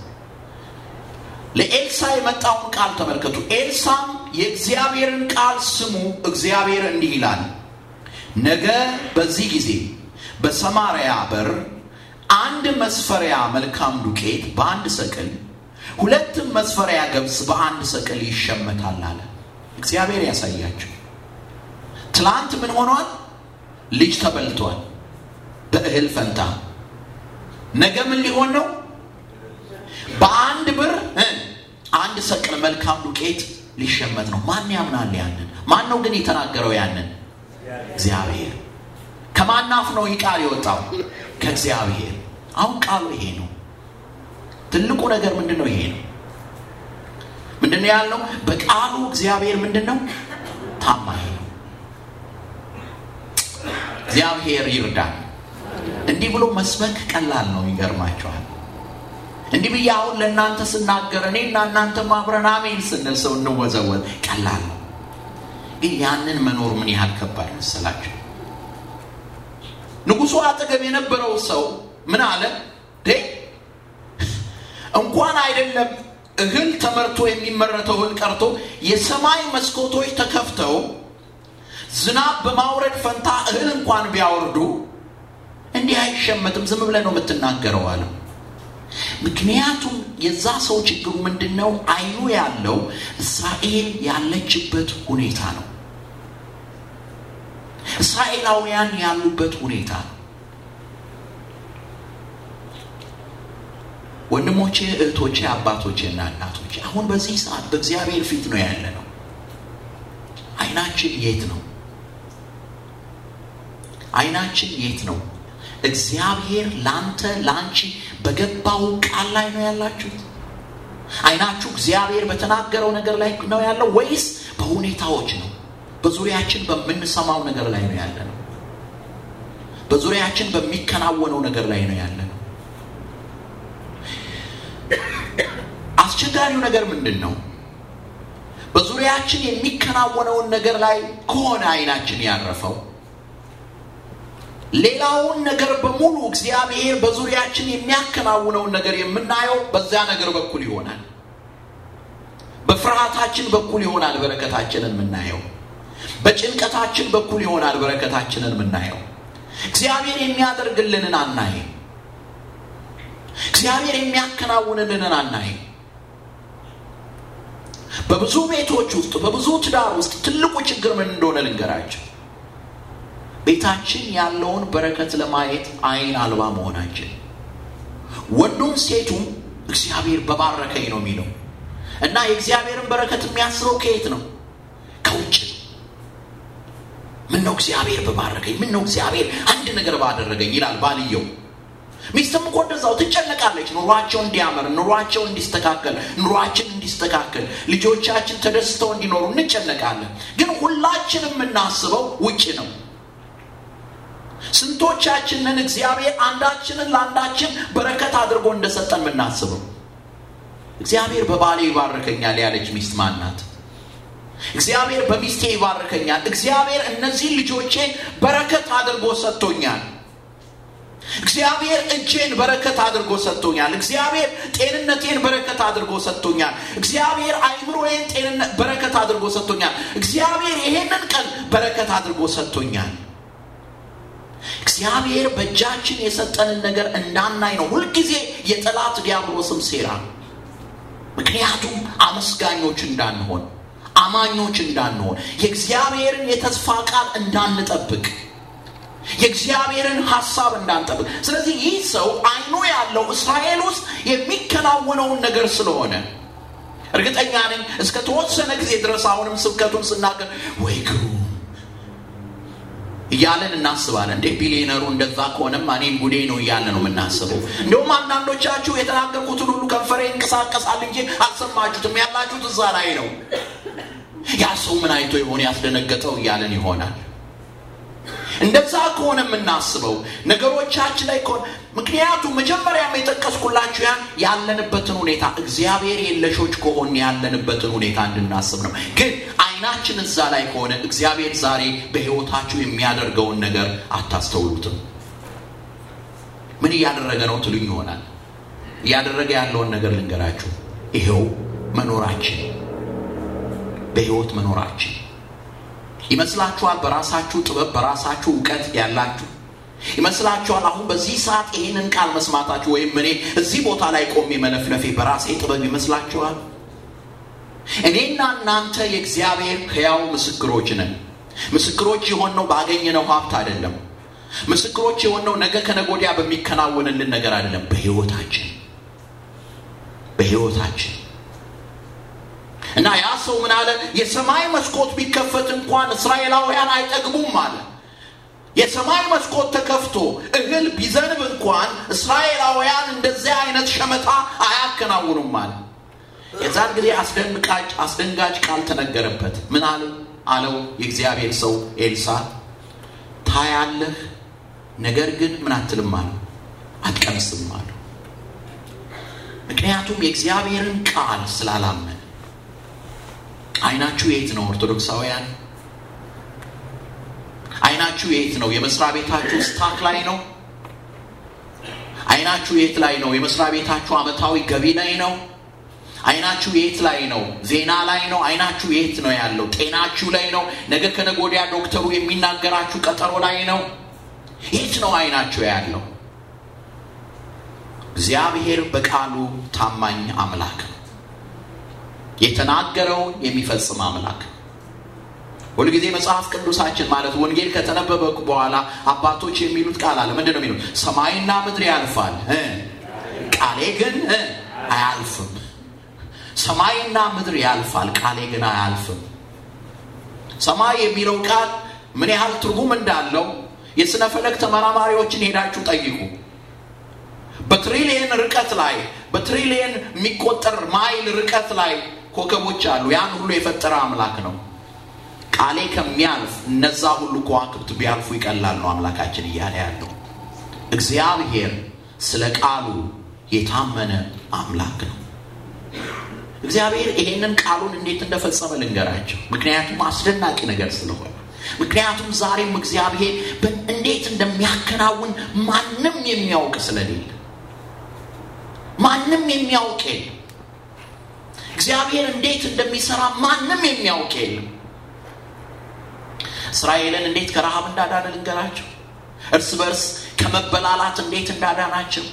ለኤልሳ የመጣውን ቃል ተመልከቱ። ኤልሳም የእግዚአብሔርን ቃል ስሙ፣ እግዚአብሔር እንዲህ ይላል፣ ነገ በዚህ ጊዜ በሰማርያ በር አንድ መስፈሪያ መልካም ዱቄት በአንድ ሰቅል፣ ሁለትም መስፈሪያ ገብስ በአንድ ሰቅል ይሸመታል አለ። እግዚአብሔር ያሳያቸው። ትላንት ምን ሆኗል? ልጅ ተበልቷል። በእህል ፈንታ ነገ ምን ሊሆን ነው? በአንድ ብር አንድ ሰቅል መልካም ዱቄት ሊሸመት ነው። ማን ያምናል? ያንን ማን ነው ግን የተናገረው? ያንን እግዚአብሔር። ከማን ነው ይህ ቃል የወጣው? ከእግዚአብሔር። አሁን ቃሉ ይሄ ነው። ትልቁ ነገር ምንድን ነው? ይሄ ነው። ምንድነው ያለው በቃሉ እግዚአብሔር ምንድን ነው? ታማኝ ነው። እግዚአብሔር ይርዳል። እንዲህ ብሎ መስበክ ቀላል ነው። ይገርማቸዋል። እንዲህ ብዬ አሁን ለእናንተ ስናገር እኔና እናንተ ማብረን አሜን ስንል ሰው እንወዘወዝ ቀላል ነው። ግን ያንን መኖር ምን ያህል ከባድ መሰላቸው። ንጉሱ አጠገብ የነበረው ሰው ምን አለ? እንኳን አይደለም እህል ተመርቶ የሚመረተው እህል ቀርቶ የሰማይ መስኮቶች ተከፍተው ዝናብ በማውረድ ፈንታ እህል እንኳን ቢያወርዱ እንዲህ አይሸመትም፣ ዝም ብለህ ነው የምትናገረው አለው። ምክንያቱም የዛ ሰው ችግሩ ምንድን ነው? አይኑ ያለው እስራኤል ያለችበት ሁኔታ ነው። እስራኤላውያን ያሉበት ሁኔታ ነው። ወንድሞቼ፣ እህቶቼ፣ አባቶቼ እና እናቶቼ አሁን በዚህ ሰዓት በእግዚአብሔር ፊት ነው ያለ ነው። አይናችን የት ነው? አይናችን የት ነው? እግዚአብሔር ላንተ ላንቺ በገባው ቃል ላይ ነው ያላችሁት? አይናችሁ እግዚአብሔር በተናገረው ነገር ላይ ነው ያለው ወይስ በሁኔታዎች ነው? በዙሪያችን በምንሰማው ነገር ላይ ነው ያለ ነው? በዙሪያችን በሚከናወነው ነገር ላይ ነው ያለ ነው? አስቸጋሪው ነገር ምንድን ነው? በዙሪያችን የሚከናወነውን ነገር ላይ ከሆነ አይናችን ያረፈው ሌላውን ነገር በሙሉ እግዚአብሔር በዙሪያችን የሚያከናውነውን ነገር የምናየው በዚያ ነገር በኩል ይሆናል። በፍርሃታችን በኩል ይሆናል በረከታችንን የምናየው። በጭንቀታችን በኩል ይሆናል በረከታችንን የምናየው። እግዚአብሔር የሚያደርግልንን አናይ እግዚአብሔር የሚያከናውንልንን አናይ በብዙ ቤቶች ውስጥ፣ በብዙ ትዳር ውስጥ ትልቁ ችግር ምን እንደሆነ ልንገራቸው። ቤታችን ያለውን በረከት ለማየት አይን አልባ መሆናችን ወንዱም ሴቱም እግዚአብሔር በባረከኝ ነው የሚለው እና የእግዚአብሔርን በረከት የሚያስበው ከየት ነው? ከውጭ ምን ነው እግዚአብሔር በባረከኝ፣ ምን ነው እግዚአብሔር አንድ ነገር ባደረገኝ ይላል ባልየው። ሚስትም እኮ እንደዛው ትጨነቃለች። ኑሯቸው እንዲያምር፣ ኑሯቸው እንዲስተካከል፣ ኑሯችን እንዲስተካከል፣ ልጆቻችን ተደስተው እንዲኖሩ እንጨነቃለን። ግን ሁላችን የምናስበው ውጭ ነው። ስንቶቻችንን እግዚአብሔር አንዳችንን ለአንዳችን በረከት አድርጎ እንደሰጠን የምናስበው? እግዚአብሔር በባሌ ይባርከኛል ያለች ሚስት ማናት ናት? እግዚአብሔር በሚስቴ ይባርከኛል፣ እግዚአብሔር እነዚህን ልጆቼ በረከት አድርጎ ሰጥቶኛል፣ እግዚአብሔር እጄን በረከት አድርጎ ሰጥቶኛል፣ እግዚአብሔር ጤንነቴን በረከት አድርጎ ሰጥቶኛል፣ እግዚአብሔር አይምሮዬን ጤንነት በረከት አድርጎ ሰጥቶኛል፣ እግዚአብሔር ይሄንን ቀን በረከት አድርጎ ሰጥቶኛል። እግዚአብሔር በእጃችን የሰጠንን ነገር እንዳናይ ነው ሁልጊዜ የጠላት ዲያብሎስም ሴራ። ምክንያቱም አመስጋኞች እንዳንሆን፣ አማኞች እንዳንሆን፣ የእግዚአብሔርን የተስፋ ቃል እንዳንጠብቅ፣ የእግዚአብሔርን ሀሳብ እንዳንጠብቅ። ስለዚህ ይህ ሰው አይኑ ያለው እስራኤል ውስጥ የሚከናወነውን ነገር ስለሆነ እርግጠኛ ነኝ እስከ ተወሰነ ጊዜ ድረስ አሁንም ስብከቱን ስናገር ወይ ግሩ እያለን እናስባለን። እንዴ ቢሊነሩ እንደዛ ከሆነም እኔም ጉዴ ነው እያለ ነው የምናስበው። እንደውም አንዳንዶቻችሁ የተናገርኩትን ሁሉ ከንፈሬ ይንቀሳቀሳል እንጂ አልሰማችሁትም። ያላችሁት እዛ ላይ ነው። ያ ሰው ምን አይቶ የሆነ ያስደነገጠው እያለን ይሆናል። እንደዛ ከሆነ የምናስበው ነገሮቻችን ላይ ከሆነ ምክንያቱም መጀመሪያም የጠቀስኩላችሁ ያን ያለንበትን ሁኔታ እግዚአብሔር የለሾች ከሆን ያለንበትን ሁኔታ እንድናስብ ነው። ግን አይናችን እዛ ላይ ከሆነ እግዚአብሔር ዛሬ በሕይወታችሁ የሚያደርገውን ነገር አታስተውሉትም። ምን እያደረገ ነው ትሉኝ ይሆናል። እያደረገ ያለውን ነገር ልንገራችሁ። ይሄው መኖራችን በሕይወት መኖራችን ይመስላችኋል። በራሳችሁ ጥበብ በራሳችሁ እውቀት ያላችሁ ይመስላችኋል። አሁን በዚህ ሰዓት ይህንን ቃል መስማታችሁ ወይም እኔ እዚህ ቦታ ላይ ቆሜ መለፍለፌ በራሴ ጥበብ ይመስላችኋል። እኔና እናንተ የእግዚአብሔር ሕያው ምስክሮች ነን። ምስክሮች የሆነው ባገኘነው ሀብት አይደለም። ምስክሮች የሆነው ነገ ከነጎዲያ በሚከናወንልን ነገር አይደለም። በሕይወታችን በሕይወታችን እና ያ ሰው ምን አለ? የሰማይ መስኮት ቢከፈት እንኳን እስራኤላውያን አይጠግቡም አለ። የሰማይ መስኮት ተከፍቶ እህል ቢዘንብ እንኳን እስራኤላውያን እንደዚያ አይነት ሸመታ አያከናውኑም አለ። የዛን ጊዜ አስደንጋጭ አስደንጋጭ ቃል ተነገረበት። ምን አለ አለው የእግዚአብሔር ሰው ኤልሳ ታያለህ፣ ነገር ግን ምን አትልም አለ አትቀምስም አለ ምክንያቱም የእግዚአብሔርን ቃል ስላላመን አይናችሁ የት ነው ኦርቶዶክሳውያን? አይናችሁ የት ነው? የመስሪያ ቤታችሁ ስታክ ላይ ነው? አይናችሁ የት ላይ ነው? የመስሪያ ቤታችሁ አመታዊ ገቢ ላይ ነው? አይናችሁ የት ላይ ነው? ዜና ላይ ነው? አይናችሁ የት ነው ያለው? ጤናችሁ ላይ ነው? ነገ ከነጎዲያ ዶክተሩ የሚናገራችሁ ቀጠሮ ላይ ነው? የት ነው አይናችሁ ያለው? እግዚአብሔር በቃሉ ታማኝ አምላክ የተናገረው የሚፈጽም አምላክ ሁልጊዜ መጽሐፍ ቅዱሳችን ማለት ወንጌል ከተነበበ በኋላ አባቶች የሚሉት ቃል አለ። ምንድን ነው የሚሉት? ሰማይና ምድር ያልፋል፣ ቃሌ ግን አያልፍም። ሰማይና ምድር ያልፋል፣ ቃሌ ግን አያልፍም። ሰማይ የሚለው ቃል ምን ያህል ትርጉም እንዳለው የሥነ ፈለግ ተመራማሪዎችን ሄዳችሁ ጠይቁ። በትሪሊየን ርቀት ላይ በትሪሊየን የሚቆጠር ማይል ርቀት ላይ ኮከቦች አሉ። ያን ሁሉ የፈጠረ አምላክ ነው። ቃሌ ከሚያልፍ እነዛ ሁሉ ከዋክብት ቢያልፉ ይቀላሉ አምላካችን እያለ ያለው እግዚአብሔር ስለ ቃሉ የታመነ አምላክ ነው። እግዚአብሔር ይሄንን ቃሉን እንዴት እንደፈጸመ ልንገራቸው። ምክንያቱም አስደናቂ ነገር ስለሆነ ምክንያቱም ዛሬም እግዚአብሔር እንዴት እንደሚያከናውን ማንም የሚያውቅ ስለሌለ ማንም የሚያውቅ የለም። እግዚአብሔር እንዴት እንደሚሰራ ማንም የሚያውቅ የለም። እስራኤልን እንዴት ከረሃብ እንዳዳነ ልንገራቸው። እርስ በርስ ከመበላላት እንዴት እንዳዳናቸው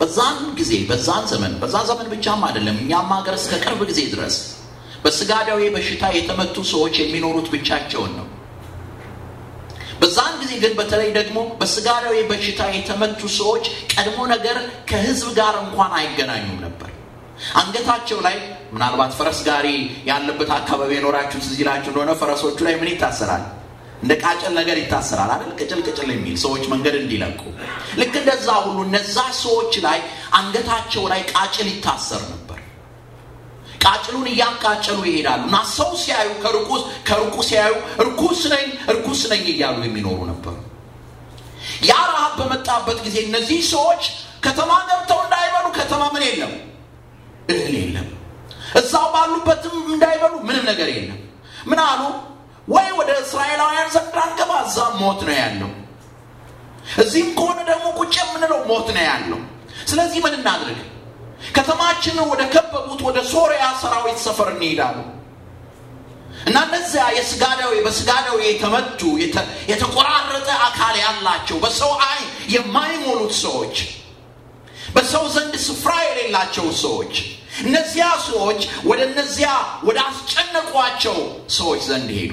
በዛን ጊዜ በዛን ዘመን በዛ ዘመን ብቻም አይደለም እኛም ሀገር እስከ ቅርብ ጊዜ ድረስ በስጋ ደዌ በሽታ የተመቱ ሰዎች የሚኖሩት ብቻቸውን ነው። በዛን ጊዜ ግን በተለይ ደግሞ በስጋ ደዌ በሽታ የተመቱ ሰዎች ቀድሞ ነገር ከህዝብ ጋር እንኳን አይገናኙም ነበር። አንገታቸው ላይ ምናልባት ፈረስ ጋሪ ያለበት አካባቢ የኖራችሁ ስዚላችሁ እንደሆነ ፈረሶቹ ላይ ምን ይታሰራል? እንደ ቃጭል ነገር ይታሰራል አይደል? ቅጭል ቅጭል የሚል ሰዎች መንገድ እንዲለቁ ልክ እንደዛ ሁሉ እነዛ ሰዎች ላይ አንገታቸው ላይ ቃጭል ይታሰር ነበር። ቃጭሉን እያቃጨሉ ይሄዳሉ እና ሰው ሲያዩ ከርቁስ ከርቁ ሲያዩ እርኩስ ነኝ እርኩስ ነኝ እያሉ የሚኖሩ ነበሩ። ያ ረሃብ በመጣበት ጊዜ እነዚህ ሰዎች ከተማ ገብተው እንዳይበሉ ከተማ ምን የለም እህል የለም። እዛው ባሉበትም እንዳይበሉ ምንም ነገር የለም። ምን አሉ? ወይ ወደ እስራኤላውያን ዘንድ አትገባ፣ ሞት ነው ያለው። እዚህም ከሆነ ደግሞ ቁጭ የምንለው ሞት ነው ያለው። ስለዚህ ምን እናድርግ? ከተማችን ወደ ከበቡት ወደ ሶሪያ ሰራዊት ሰፈር እንሄዳሉ እና እነዚያ የስጋ ደዌ የተመቱ የተቆራረጠ አካል ያላቸው በሰው አይ የማይሞሉት ሰዎች፣ በሰው ዘንድ ስፍራ የሌላቸው ሰዎች እነዚያ ሰዎች ወደ እነዚያ ወደ አስጨነቋቸው ሰዎች ዘንድ ሄዱ።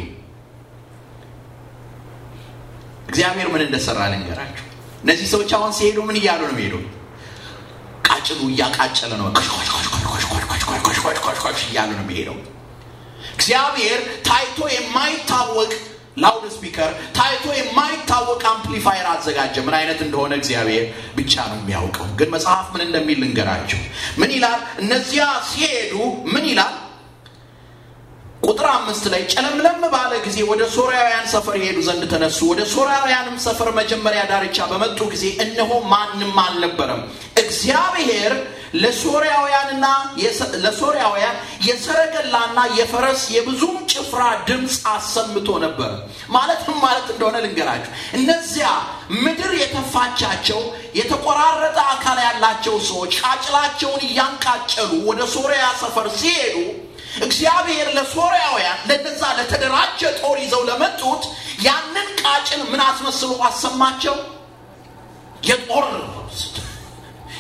እግዚአብሔር ምን እንደሰራ ልንገራችሁ። እነዚህ ሰዎች አሁን ሲሄዱ ምን እያሉ ነው ሄዱ? ቃጭሉ እያቃጨለ ነው እያሉ ነው የሚሄደው። እግዚአብሔር ታይቶ የማይታወቅ ላውድ ስፒከር ታይቶ የማይታወቅ አምፕሊፋየር አዘጋጀ። ምን አይነት እንደሆነ እግዚአብሔር ብቻ ነው የሚያውቀው። ግን መጽሐፍ ምን እንደሚል ልንገራቸው? ምን ይላል? እነዚያ ሲሄዱ ምን ይላል? ቁጥር አምስት ላይ ጨለምለም ባለ ጊዜ ወደ ሶርያውያን ሰፈር ይሄዱ ዘንድ ተነሱ። ወደ ሶርያውያንም ሰፈር መጀመሪያ ዳርቻ በመጡ ጊዜ እነሆ ማንም አልነበረም። እግዚአብሔር ለሶርያውያንና ለሶርያውያን የሰረገላና የፈረስ የብዙም ጭፍራ ድምፅ አሰምቶ ነበር። ማለትም ማለት እንደሆነ ልንገራችሁ። እነዚያ ምድር የተፋቻቸው የተቆራረጠ አካል ያላቸው ሰዎች ቃጭላቸውን እያንቃጨሉ ወደ ሶርያ ሰፈር ሲሄዱ እግዚአብሔር ለሶርያውያን ለነዛ ለተደራጀ ጦር ይዘው ለመጡት ያንን ቃጭን ምን አስመስሎ አሰማቸው? የጦር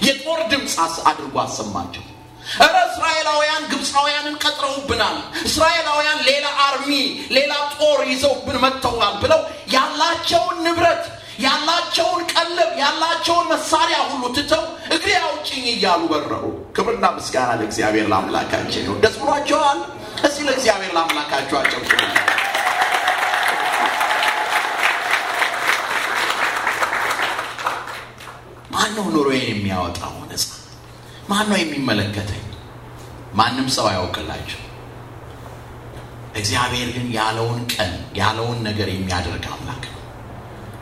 የጦር ድምፅ አድርጎ አሰማቸው። እረ እስራኤላውያን ግብፃውያንን ቀጥረውብናል፣ እስራኤላውያን ሌላ አርሚ ሌላ ጦር ይዘውብን መጥተውናል ብለው ያላቸውን ንብረት ያላቸውን ቀለብ ያላቸውን መሳሪያ ሁሉ ትተው እግሬ አውጭኝ እያሉ በረሩ። ክብርና ምስጋና ለእግዚአብሔር ለአምላካችን ነው። ደስ ብሏቸዋል። እስቲ ለእግዚአብሔር ለአምላካቸው አጨብጭቡ። ማነው ኑሮዬን የሚያወጣው ነፃ? ማነው የሚመለከተኝ? ማንም ሰው አያውቅላቸው። እግዚአብሔር ግን ያለውን ቀን ያለውን ነገር የሚያደርግ አምላክ ነው።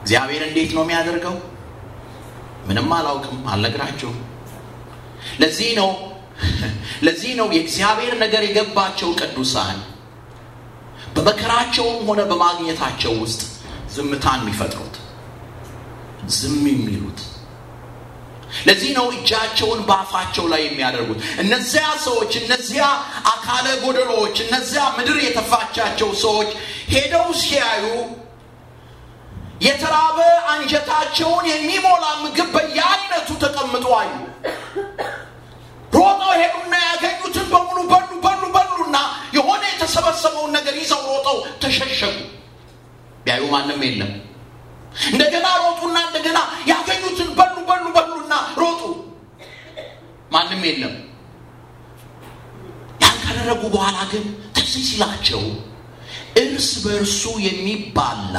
እግዚአብሔር እንዴት ነው የሚያደርገው? ምንም አላውቅም፣ አልነግራቸውም። ለዚህ ነው ለዚህ ነው የእግዚአብሔር ነገር የገባቸው ቅዱሳን በመከራቸውም ሆነ በማግኘታቸው ውስጥ ዝምታን የሚፈጥሩት ዝም የሚሉት። ለዚህ ነው እጃቸውን በአፋቸው ላይ የሚያደርጉት። እነዚያ ሰዎች፣ እነዚያ አካለ ጎደሎዎች፣ እነዚያ ምድር የተፋቻቸው ሰዎች ሄደው ሲያዩ የተራበ አንጀታቸውን የሚሞላ ምግብ በየአይነቱ ተቀምጦ አዩ። ሮጠው ሄዱና ያገኙትን በሙሉ በሉ በሉ በሉና የሆነ የተሰበሰበውን ነገር ይዘው ሮጠው ተሸሸጉ። ቢያዩ ማንም የለም። እንደገና ሮጡና እንደገና ያገኙትን በሉ በሉ በሉና ሮጡ። ማንም የለም። ያን ካደረጉ በኋላ ግን ትዝ ሲላቸው እርስ በእርሱ የሚባላ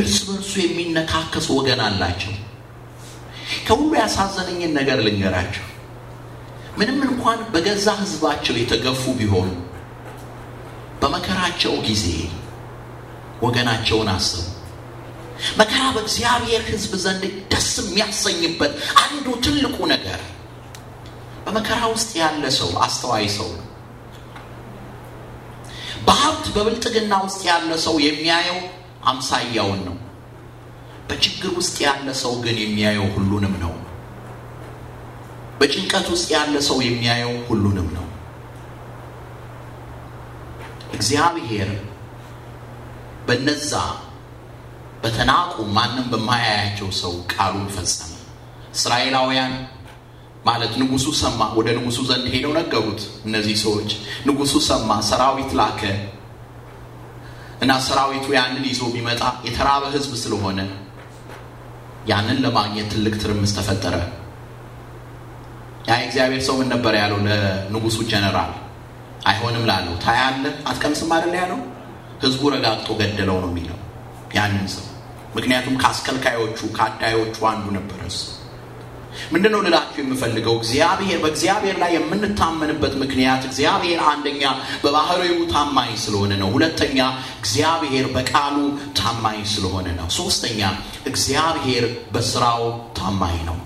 እርስ በርሱ የሚነካከስ ወገን አላቸው። ከሁሉ ያሳዘነኝን ነገር ልንገራቸው። ምንም እንኳን በገዛ ህዝባቸው የተገፉ ቢሆኑ በመከራቸው ጊዜ ወገናቸውን አስቡ። መከራ በእግዚአብሔር ህዝብ ዘንድ ደስ የሚያሰኝበት አንዱ ትልቁ ነገር በመከራ ውስጥ ያለ ሰው አስተዋይ ሰው ነው። በሀብት በብልጥግና ውስጥ ያለ ሰው የሚያየው አምሳያውን ነው። በችግር ውስጥ ያለ ሰው ግን የሚያየው ሁሉንም ነው። በጭንቀት ውስጥ ያለ ሰው የሚያየው ሁሉንም ነው። እግዚአብሔር በነዛ በተናቁ ማንም በማያያቸው ሰው ቃሉን ፈጸመ። እስራኤላውያን ማለት ንጉሱ ሰማ። ወደ ንጉሱ ዘንድ ሄደው ነገሩት። እነዚህ ሰዎች ንጉሱ ሰማ፣ ሰራዊት ላከ እና ሰራዊቱ ያንን ይዞ ቢመጣ የተራበ ህዝብ ስለሆነ ያንን ለማግኘት ትልቅ ትርምስ ተፈጠረ። ያ እግዚአብሔር ሰው ምን ነበር ያለው ለንጉሱ ጀነራል? አይሆንም ላለው ታያለህ፣ አትቀምስም አደለ ያለው። ህዝቡ ረጋግጦ ገደለው ነው የሚለው ያንን ሰው። ምክንያቱም ከአስከልካዮቹ ከአዳዮቹ አንዱ ነበረ እሱ። ምንድነው ልላችሁ የምፈልገው እግዚአብሔር በእግዚአብሔር ላይ የምንታመንበት ምክንያት እግዚአብሔር አንደኛ በባህሪው ታማኝ ስለሆነ ነው። ሁለተኛ እግዚአብሔር በቃሉ ታማኝ ስለሆነ ነው። ሶስተኛ እግዚአብሔር በስራው ታማኝ ነው።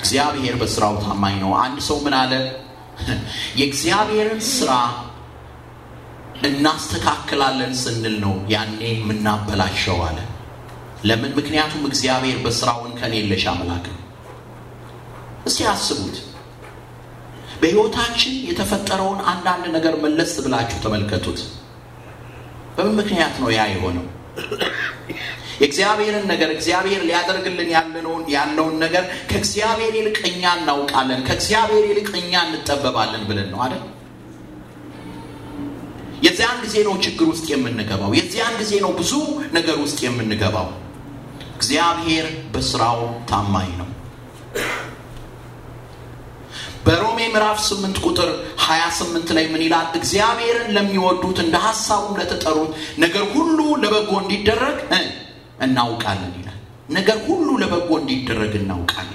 እግዚአብሔር በስራው ታማኝ ነው። አንድ ሰው ምን አለ? የእግዚአብሔርን ስራ እናስተካክላለን ስንል ነው ያኔ የምናበላሸው አለን ለምን? ምክንያቱም እግዚአብሔር በስራውን ከኔ የለሽ አምላክ ነው። እስቲ አስቡት። በሕይወታችን የተፈጠረውን አንዳንድ ነገር መለስ ብላችሁ ተመልከቱት። በምን ምክንያት ነው ያ የሆነው? የእግዚአብሔርን ነገር እግዚአብሔር ሊያደርግልን ያለውን ነገር ከእግዚአብሔር ይልቅ እኛ እናውቃለን፣ ከእግዚአብሔር ይልቅ እኛ እንጠበባለን ብለን ነው አይደል? የዚያን ጊዜ ነው ችግር ውስጥ የምንገባው። የዚያን ጊዜ ነው ብዙ ነገር ውስጥ የምንገባው። እግዚአብሔር በስራው ታማኝ ነው በሮሜ ምዕራፍ 8 ቁጥር 28 ላይ ምን ይላል እግዚአብሔርን ለሚወዱት እንደ ሀሳቡ ለተጠሩት ነገር ሁሉ ለበጎ እንዲደረግ እናውቃለን ይላል ነገር ሁሉ ለበጎ እንዲደረግ እናውቃለን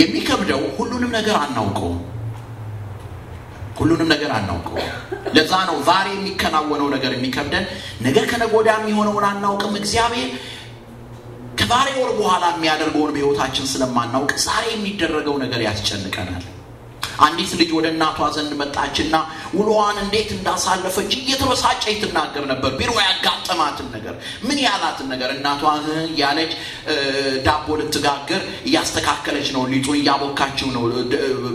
የሚከብደው ሁሉንም ነገር አናውቀውም ሁሉንም ነገር አናውቀው። ለዛ ነው ዛሬ የሚከናወነው ነገር የሚከብደን፣ ነገ ከነገ ወዲያ የሚሆነውን አናውቅም። እግዚአብሔር ከዛሬ ወር በኋላ የሚያደርገውን በሕይወታችን ስለማናውቅ ዛሬ የሚደረገው ነገር ያስጨንቀናል። አንዲት ልጅ ወደ እናቷ ዘንድ መጣችና ውሎዋን እንዴት እንዳሳለፈች እየተበሳጨ ትናገር ነበር። ቢሮ ያጋጠማትን ነገር ምን ያላትን ነገር እናቷ እያለች ዳቦ ልትጋገር እያስተካከለች ነው፣ ሊጡ እያቦካችው ነው፣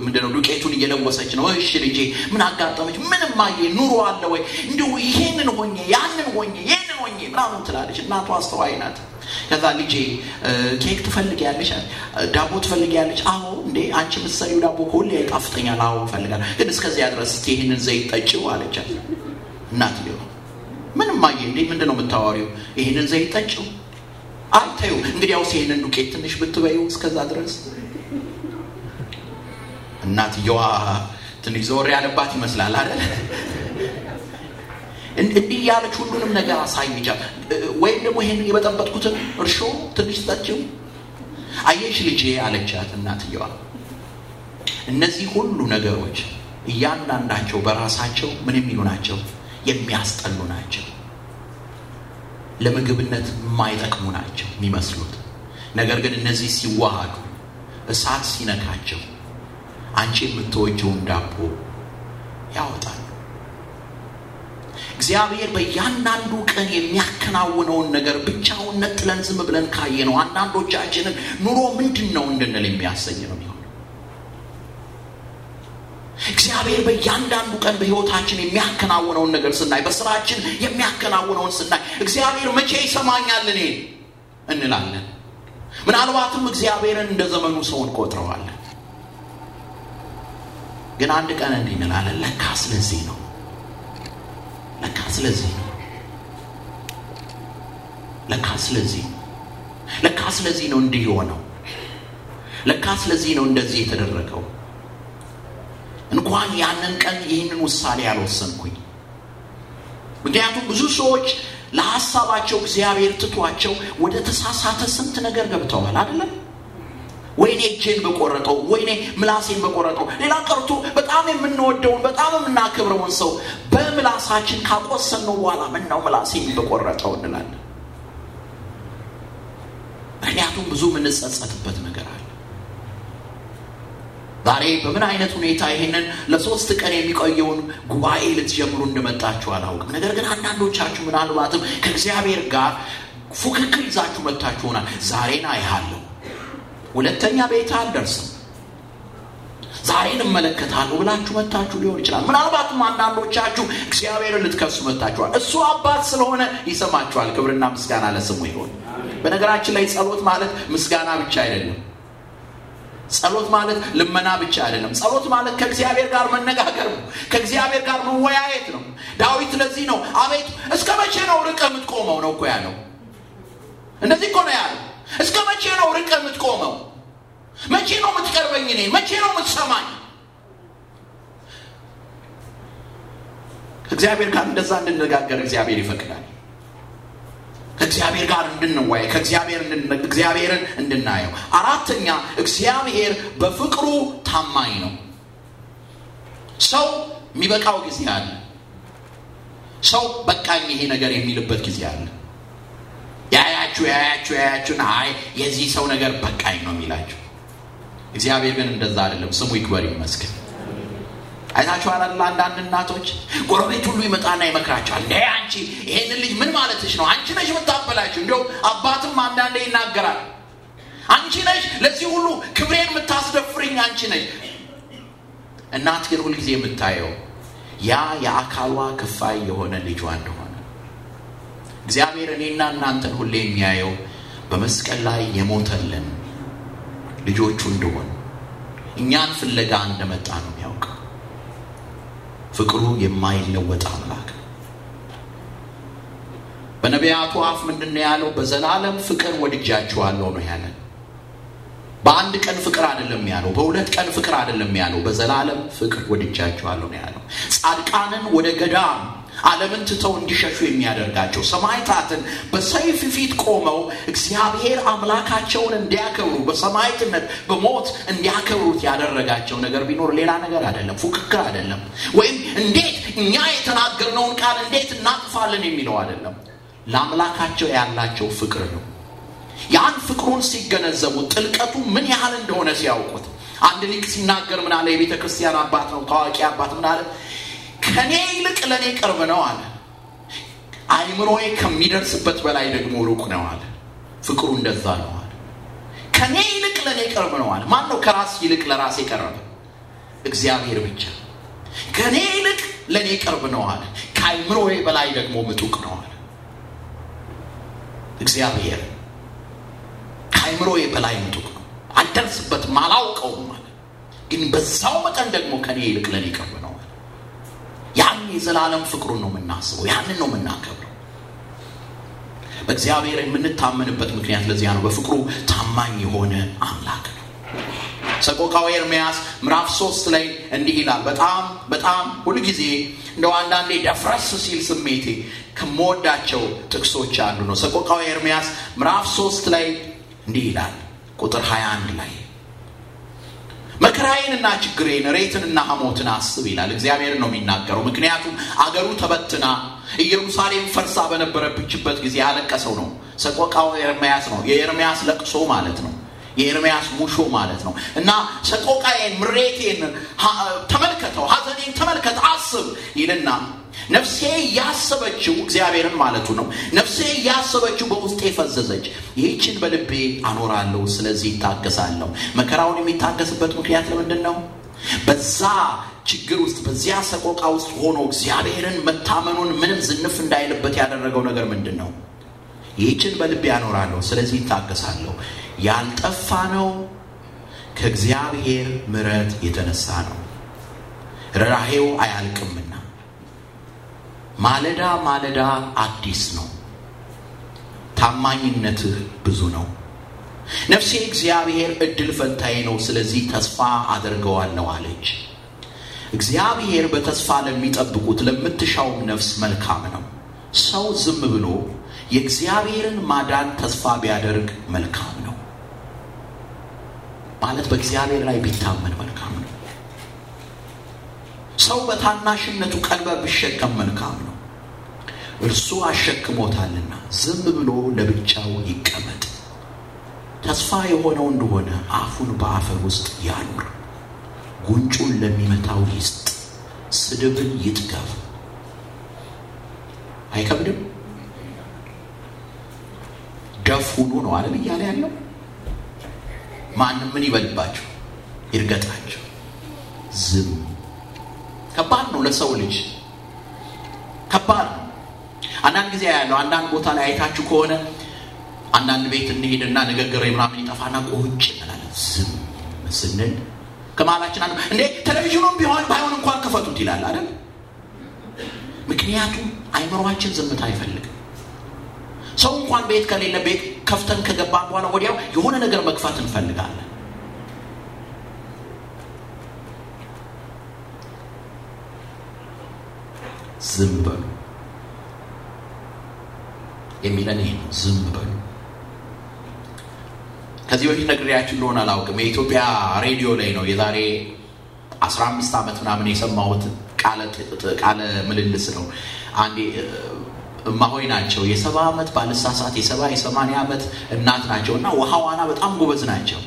ምንድነው ዱቄቱን እየለወሰች ነው። እሺ ልጄ ምን አጋጠመች? ምንም አየ ኑሮ አለ ወይ? እንዲሁ ይሄንን ሆኜ ያንን ሆኜ ይህንን ሆኜ ምናምን ትላለች። እናቷ አስተዋይ ናት። ከዛ ልጄ ኬክ ትፈልጊያለሽ? ዳቦ ትፈልጊያለሽ? አዎ። እንዴ አንቺ ምሰሪው ዳቦ ከሁሉ ያይጣፍጠኛል አዎ ፈልጋል ግን እስከዚያ ድረስ ይህንን ዘይት ጠጪው አለቻት ሊሆ ምንም አየ እንዴ ምንድን ነው የምታወሪው? ይህንን ዘይት ጠጪው አታዩ እንግዲያውስ ይህንን ዱቄት ትንሽ ብትበይው እስከዛ ድረስ እናትየዋ ትንሽ ዘወር ያለባት ይመስላል አይደል? እንዲህ ያለች ሁሉንም ነገር አሳየቻት። ወይም ደግሞ ይሄን የበጠበጥኩትን እርሾ ትንሽ ጠጪው፣ አየሽ ልጅ አለቻት እናትየዋ። እነዚህ ሁሉ ነገሮች እያንዳንዳቸው በራሳቸው ምን የሚሉ ናቸው? የሚያስጠሉ ናቸው። ለምግብነት የማይጠቅሙ ናቸው የሚመስሉት። ነገር ግን እነዚህ ሲዋሃዱ እሳት ሲነካቸው አንቺ የምትወጀውን ዳቦ ያወጣል። እግዚአብሔር በእያንዳንዱ ቀን የሚያከናውነውን ነገር ብቻውን ነጥለን ዝም ብለን ካየ ነው አንዳንዶቻችንን ኑሮ ምንድን ነው እንድንል የሚያሰኝ ነው እግዚአብሔር በእያንዳንዱ ቀን በህይወታችን የሚያከናውነውን ነገር ስናይ፣ በስራችን የሚያከናውነውን ስናይ እግዚአብሔር መቼ ይሰማኛል እኔ እንላለን። ምናልባትም እግዚአብሔርን እንደ ዘመኑ ሰውን ቆጥረዋለን። ግን አንድ ቀን እንዲህ እንላለን፣ ለካ ስለዚህ ነው ለካ ስለዚህ ነው። ለካ ስለዚህ ለካ ስለዚህ ነው እንዲህ የሆነው። ለካ ስለዚህ ነው እንደዚህ የተደረገው። እንኳን ያንን ቀን ይህንን ውሳኔ ያልወሰንኩኝ። ምክንያቱም ብዙ ሰዎች ለሀሳባቸው እግዚአብሔር ትቷቸው ወደ ተሳሳተ ስንት ነገር ገብተዋል አይደለም? ወይኔ እጄን በቆረጠው፣ ወይኔ ምላሴን በቆረጠው። ሌላ ቀርቶ በጣም የምንወደውን በጣም የምናከብረውን ሰው በምላሳችን ካቆሰነው በኋላ ምን ነው ምላሴን በቆረጠው እንላለን። ምክንያቱም ብዙ የምንጸጸትበት ነገር አለ። ዛሬ በምን አይነት ሁኔታ ይሄንን ለሶስት ቀን የሚቆየውን ጉባኤ ልትጀምሩ እንደመጣችሁ አላውቅም። ነገር ግን አንዳንዶቻችሁ ምናልባትም ከእግዚአብሔር ጋር ፉክክር ይዛችሁ መጥታችሁ ሆናል። ዛሬን አይሃለሁ ሁለተኛ ቤት አልደርስም፣ ዛሬን እመለከታለሁ ብላችሁ መታችሁ ሊሆን ይችላል። ምናልባትም አንዳንዶቻችሁ እግዚአብሔርን ልትከሱ መታችኋል። እሱ አባት ስለሆነ ይሰማችኋል። ክብርና ምስጋና ለስሙ ይሆን። በነገራችን ላይ ጸሎት ማለት ምስጋና ብቻ አይደለም። ጸሎት ማለት ልመና ብቻ አይደለም። ጸሎት ማለት ከእግዚአብሔር ጋር መነጋገር ነው። ከእግዚአብሔር ጋር መወያየት ነው። ዳዊት ለዚህ ነው አቤቱ እስከ መቼ ነው ርቅ የምትቆመው ነው እኮ ያለው። እንደዚህ እኮ ነው ያለው። እስከ መቼ ነው ርቅ የምትቆመው መቼ ነው የምትቀርበኝ እኔ መቼ ነው የምትሰማኝ እግዚአብሔር ጋር እንደዛ እንድነጋገር እግዚአብሔር ይፈቅዳል ከእግዚአብሔር ጋር እንድንወያይ ከእግዚአብሔር እግዚአብሔርን እንድናየው አራተኛ እግዚአብሔር በፍቅሩ ታማኝ ነው ሰው የሚበቃው ጊዜ አለ ሰው በቃኝ ይሄ ነገር የሚልበት ጊዜ አለ ያያችሁ ያያችሁ ያያችሁና አይ የዚህ ሰው ነገር በቃኝ ነው የሚላችሁ እግዚአብሔር ግን እንደዛ አይደለም። ስሙ ይክበር ይመስገን። አይታችሁ አላለ አንዳንድ እናቶች ጎረቤት ሁሉ ይመጣና ይመክራቸዋል። እንደ አንቺ ይሄንን ልጅ ምን ማለትሽ ነው? አንቺ ነሽ የምታበላችሁ። እንዲሁም አባትም አንዳንዴ ይናገራል። አንቺ ነሽ ለዚህ ሁሉ ክብሬን የምታስደፍርኝ አንቺ ነሽ። እናት ግን ሁልጊዜ የምታየው ያ የአካሏ ክፋይ የሆነ ልጇ እንደሆነ እግዚአብሔር እኔና እናንተን ሁሌ የሚያየው በመስቀል ላይ የሞተልን ልጆቹ እንደሆን እኛን ፍለጋ እንደመጣ ነው የሚያውቀው። ፍቅሩ የማይለወጥ አምላክ በነቢያቱ አፍ ምንድነው ያለው? በዘላለም ፍቅር ወድጃችኋለሁ ነው ያለ በአንድ ቀን ፍቅር አይደለም ያለው፣ በሁለት ቀን ፍቅር አይደለም ያለው፣ በዘላለም ፍቅር ወድጃችኋለሁ ነው ያለው። ጻድቃንን ወደ ገዳም ዓለምን ትተው እንዲሸሹ የሚያደርጋቸው ሰማይታትን በሰይፍ ፊት ቆመው እግዚአብሔር አምላካቸውን እንዲያከብሩ በሰማይትነት በሞት እንዲያከብሩት ያደረጋቸው ነገር ቢኖር ሌላ ነገር አይደለም፣ ፉክክር አይደለም፣ ወይም እንዴት እኛ የተናገርነውን ቃል እንዴት እናጥፋለን የሚለው አይደለም። ለአምላካቸው ያላቸው ፍቅር ነው። ያን ፍቅሩን ሲገነዘቡ ጥልቀቱ ምን ያህል እንደሆነ ሲያውቁት አንድ ሊቅ ሲናገር ምናለ የቤተ ክርስቲያን አባት ነው ታዋቂ አባት ምናለ ከኔ ይልቅ ለእኔ ቅርብ ነው አለ። አይምሮዬ ከሚደርስበት በላይ ደግሞ ሩቅ ነው አለ። ፍቅሩ እንደዛ ነው አለ። ከኔ ይልቅ ለእኔ ቅርብ ነው አለ። ማን ነው ከራስ ይልቅ ለራሴ ቀረበ? እግዚአብሔር ብቻ። ከእኔ ይልቅ ለእኔ ቅርብ ነው አለ። ከአይምሮዬ በላይ ደግሞ ምጡቅ ነው አለ። እግዚአብሔር ከአይምሮዬ በላይ ምጡቅ ነው፣ አልደርስበትም፣ አላውቀውም አለ። ግን በዛው መጠን ደግሞ ከኔ ይልቅ ለእኔ ቅርብ ነው ያን የዘላለም ፍቅሩን ነው የምናስበው፣ ያንን ነው የምናከብረው። በእግዚአብሔር የምንታመንበት ምክንያት ለዚያ ነው። በፍቅሩ ታማኝ የሆነ አምላክ ነው። ሰቆቃወ ኤርሚያስ ምዕራፍ ሶስት ላይ እንዲህ ይላል። በጣም በጣም ሁልጊዜ እንደው አንዳንዴ ደፍረስ ሲል ስሜቴ ከመወዳቸው ጥቅሶች አንዱ ነው። ሰቆቃዊ ኤርሚያስ ምዕራፍ ሶስት ላይ እንዲህ ይላል ቁጥር 21 ላይ መከራዬንና ችግሬን ሬትንና ሐሞትን አስብ ይላል። እግዚአብሔር ነው የሚናገረው። ምክንያቱም አገሩ ተበትና ኢየሩሳሌም ፈርሳ በነበረብችበት ጊዜ ያለቀሰው ነው። ሰቆቃው ኤርሚያስ ነው። የኤርሚያስ ለቅሶ ማለት ነው። የኤርሚያስ ሙሾ ማለት ነው። እና ሰቆቃዬን፣ ምሬቴን ተመልከተው፣ ሀዘኔን ተመልከት፣ አስብ ይልና ነፍሴ ያሰበችው እግዚአብሔርን ማለቱ ነው። ነፍሴ ያሰበችው በውስጤ ፈዘዘች፣ ይህችን በልቤ አኖራለሁ፣ ስለዚህ ይታገሳለሁ። መከራውን የሚታገስበት ምክንያት ለምንድን ነው? በዛ ችግር ውስጥ በዚያ ሰቆቃ ውስጥ ሆኖ እግዚአብሔርን መታመኑን ምንም ዝንፍ እንዳይልበት ያደረገው ነገር ምንድን ነው? ይህችን በልቤ ያኖራለሁ፣ ስለዚህ ይታገሳለሁ። ያልጠፋ ነው ከእግዚአብሔር ምረት የተነሳ ነው። ረራሄው አያልቅም። ማለዳ ማለዳ አዲስ ነው፣ ታማኝነትህ ብዙ ነው። ነፍሴ እግዚአብሔር እድል ፈንታዬ ነው፣ ስለዚህ ተስፋ አደርገዋለሁ አለች። እግዚአብሔር በተስፋ ለሚጠብቁት ለምትሻውም ነፍስ መልካም ነው። ሰው ዝም ብሎ የእግዚአብሔርን ማዳን ተስፋ ቢያደርግ መልካም ነው። ማለት በእግዚአብሔር ላይ ቢታመን መልካም ነው። ሰው በታናሽነቱ ቀልበ ቢሸከም መልካም ነው፣ እርሱ አሸክሞታልና ዝም ብሎ ለብቻው ይቀመጥ። ተስፋ የሆነው እንደሆነ አፉን በአፈር ውስጥ ያኑር። ጉንጩን ለሚመታው ይስጥ፣ ስድብን ይጥገብ። አይከብድም። ደፍ ሁኑ ነው አለ እያለ ያለው። ማንም ምን ይበልባቸው፣ ይርገጣቸው። ዝም ከባድ ነው ለሰው ልጅ ከባድ ነው። አንዳንድ ጊዜ ያለው አንዳንድ ቦታ ላይ አይታችሁ ከሆነ አንዳንድ ቤት እንሄድና ንግግር ምናምን ይጠፋና ቁጭ እንላለን። ዝም ስንል ከማላችን አንዱ እንዴ ቴሌቪዥኑም ቢሆን ባይሆን እንኳን ክፈቱት ይላል አይደል? ምክንያቱም አይምሯችን ዝምታ አይፈልግም። ሰው እንኳን ቤት ከሌለ ቤት ከፍተን ከገባን በኋላ ወዲያው የሆነ ነገር መግፋት እንፈልጋለን። ዝም በሉ የሚለን ይሄ ነው። ዝም በሉ። ከዚህ በፊት ነግሬያችሁ እንደሆነ አላውቅም። የኢትዮጵያ ሬዲዮ ላይ ነው የዛሬ 15 ዓመት ምናምን የሰማሁት ቃለ ምልልስ ነው። አንዴ እማሆይ ናቸው የሰባ ዓመት ባልሳሳት የሰባ የሰማንያ ዓመት እናት ናቸው እና ውሃ ዋና በጣም ጎበዝ ናቸው